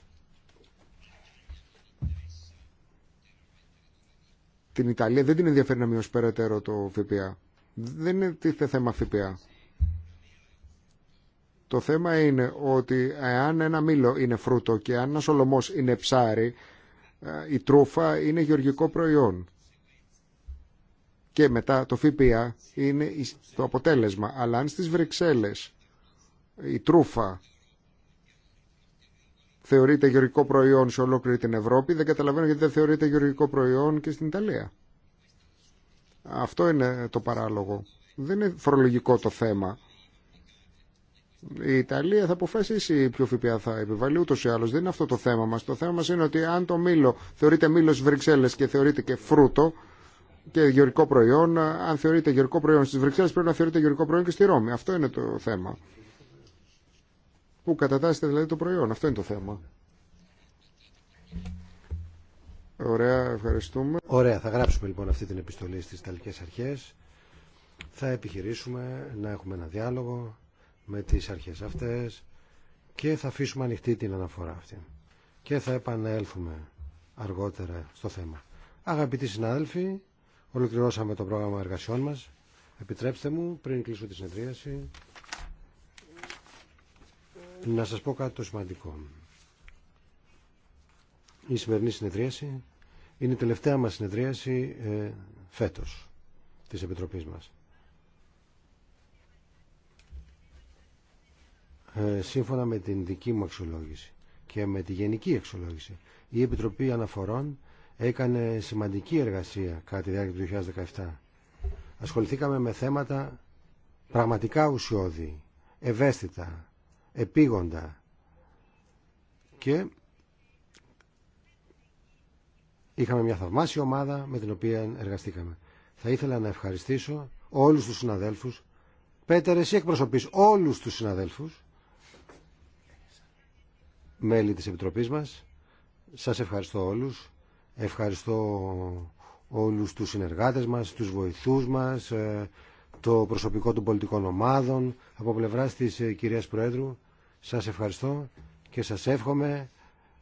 [SPEAKER 4] Την Ιταλία δεν την ενδιαφέρει να μειώσει περαιτέρω το ΦΠΑ. Δεν είναι τίθε θέμα ΦΠΑ. Το θέμα είναι ότι εάν ένα μήλο είναι φρούτο και αν ένα σολομός είναι ψάρι, ε, η τρούφα είναι γεωργικό προϊόν. Και μετά το ΦΠΑ είναι το αποτέλεσμα. Αλλά αν στις Βρυξέλλες η τρούφα θεωρείται γεωργικό προϊόν σε ολόκληρη την Ευρώπη, δεν καταλαβαίνω γιατί δεν θεωρείται γεωργικό προϊόν και στην Ιταλία. Αυτό είναι το παράλογο. Δεν είναι φορολογικό το θέμα. Η Ιταλία θα αποφασίσει ποιο ΦΠΑ θα επιβάλλει ούτω ή άλλω. Δεν είναι αυτό το θέμα μα. Το θέμα μα είναι ότι αν το μήλο θεωρείται μήλο Βρυξέλλες και θεωρείται και φρούτο και γεωρικό προϊόν, αν θεωρείται γεωρικό προϊόν στις Βρυξέλλες πρέπει να θεωρείται γεωρικό προϊόν και στη Ρώμη. Αυτό είναι το θέμα. Πού κατατάσσεται δηλαδή το προϊόν. Αυτό είναι το θέμα. Ωραία, ευχαριστούμε.
[SPEAKER 3] Ωραία, θα γράψουμε λοιπόν αυτή την επιστολή στις Ιταλικές Αρχές. Θα επιχειρήσουμε να έχουμε ένα διάλογο με τις αρχές αυτές και θα αφήσουμε ανοιχτή την αναφορά αυτή. Και θα επανέλθουμε αργότερα στο θέμα. Αγαπητοί συνάδελφοι, ολοκληρώσαμε το πρόγραμμα εργασιών μας. Επιτρέψτε μου, πριν κλείσω τη συνεδρίαση, να σας πω κάτι το σημαντικό. Η σημερινή συνεδρίαση είναι η τελευταία μας συνεδρίαση ε, φέτος της Επιτροπής μας. Ε, σύμφωνα με την δική μου αξιολόγηση και με τη γενική αξιολόγηση, η Επιτροπή Αναφορών έκανε σημαντική εργασία κατά τη διάρκεια του 2017. Ασχοληθήκαμε με θέματα πραγματικά ουσιώδη, ευαίσθητα, επίγοντα και Είχαμε μια θαυμάσια ομάδα με την οποία εργαστήκαμε. Θα ήθελα να ευχαριστήσω όλους τους συναδέλφους. Πέτερ, εσύ εκπροσωπεί όλους του συναδέλφους, μέλη της Επιτροπής μας. Σας ευχαριστώ όλους. Ευχαριστώ όλους τους συνεργάτες μας, τους βοηθούς μας, ε, το προσωπικό των πολιτικών ομάδων. Από πλευράς της ε, κυρίας Προέδρου, σας ευχαριστώ και σας εύχομαι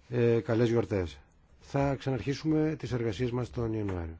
[SPEAKER 3] ε, καλές γιορτές θα ξαναρχίσουμε τις εργασίες μας τον Ιανουάριο.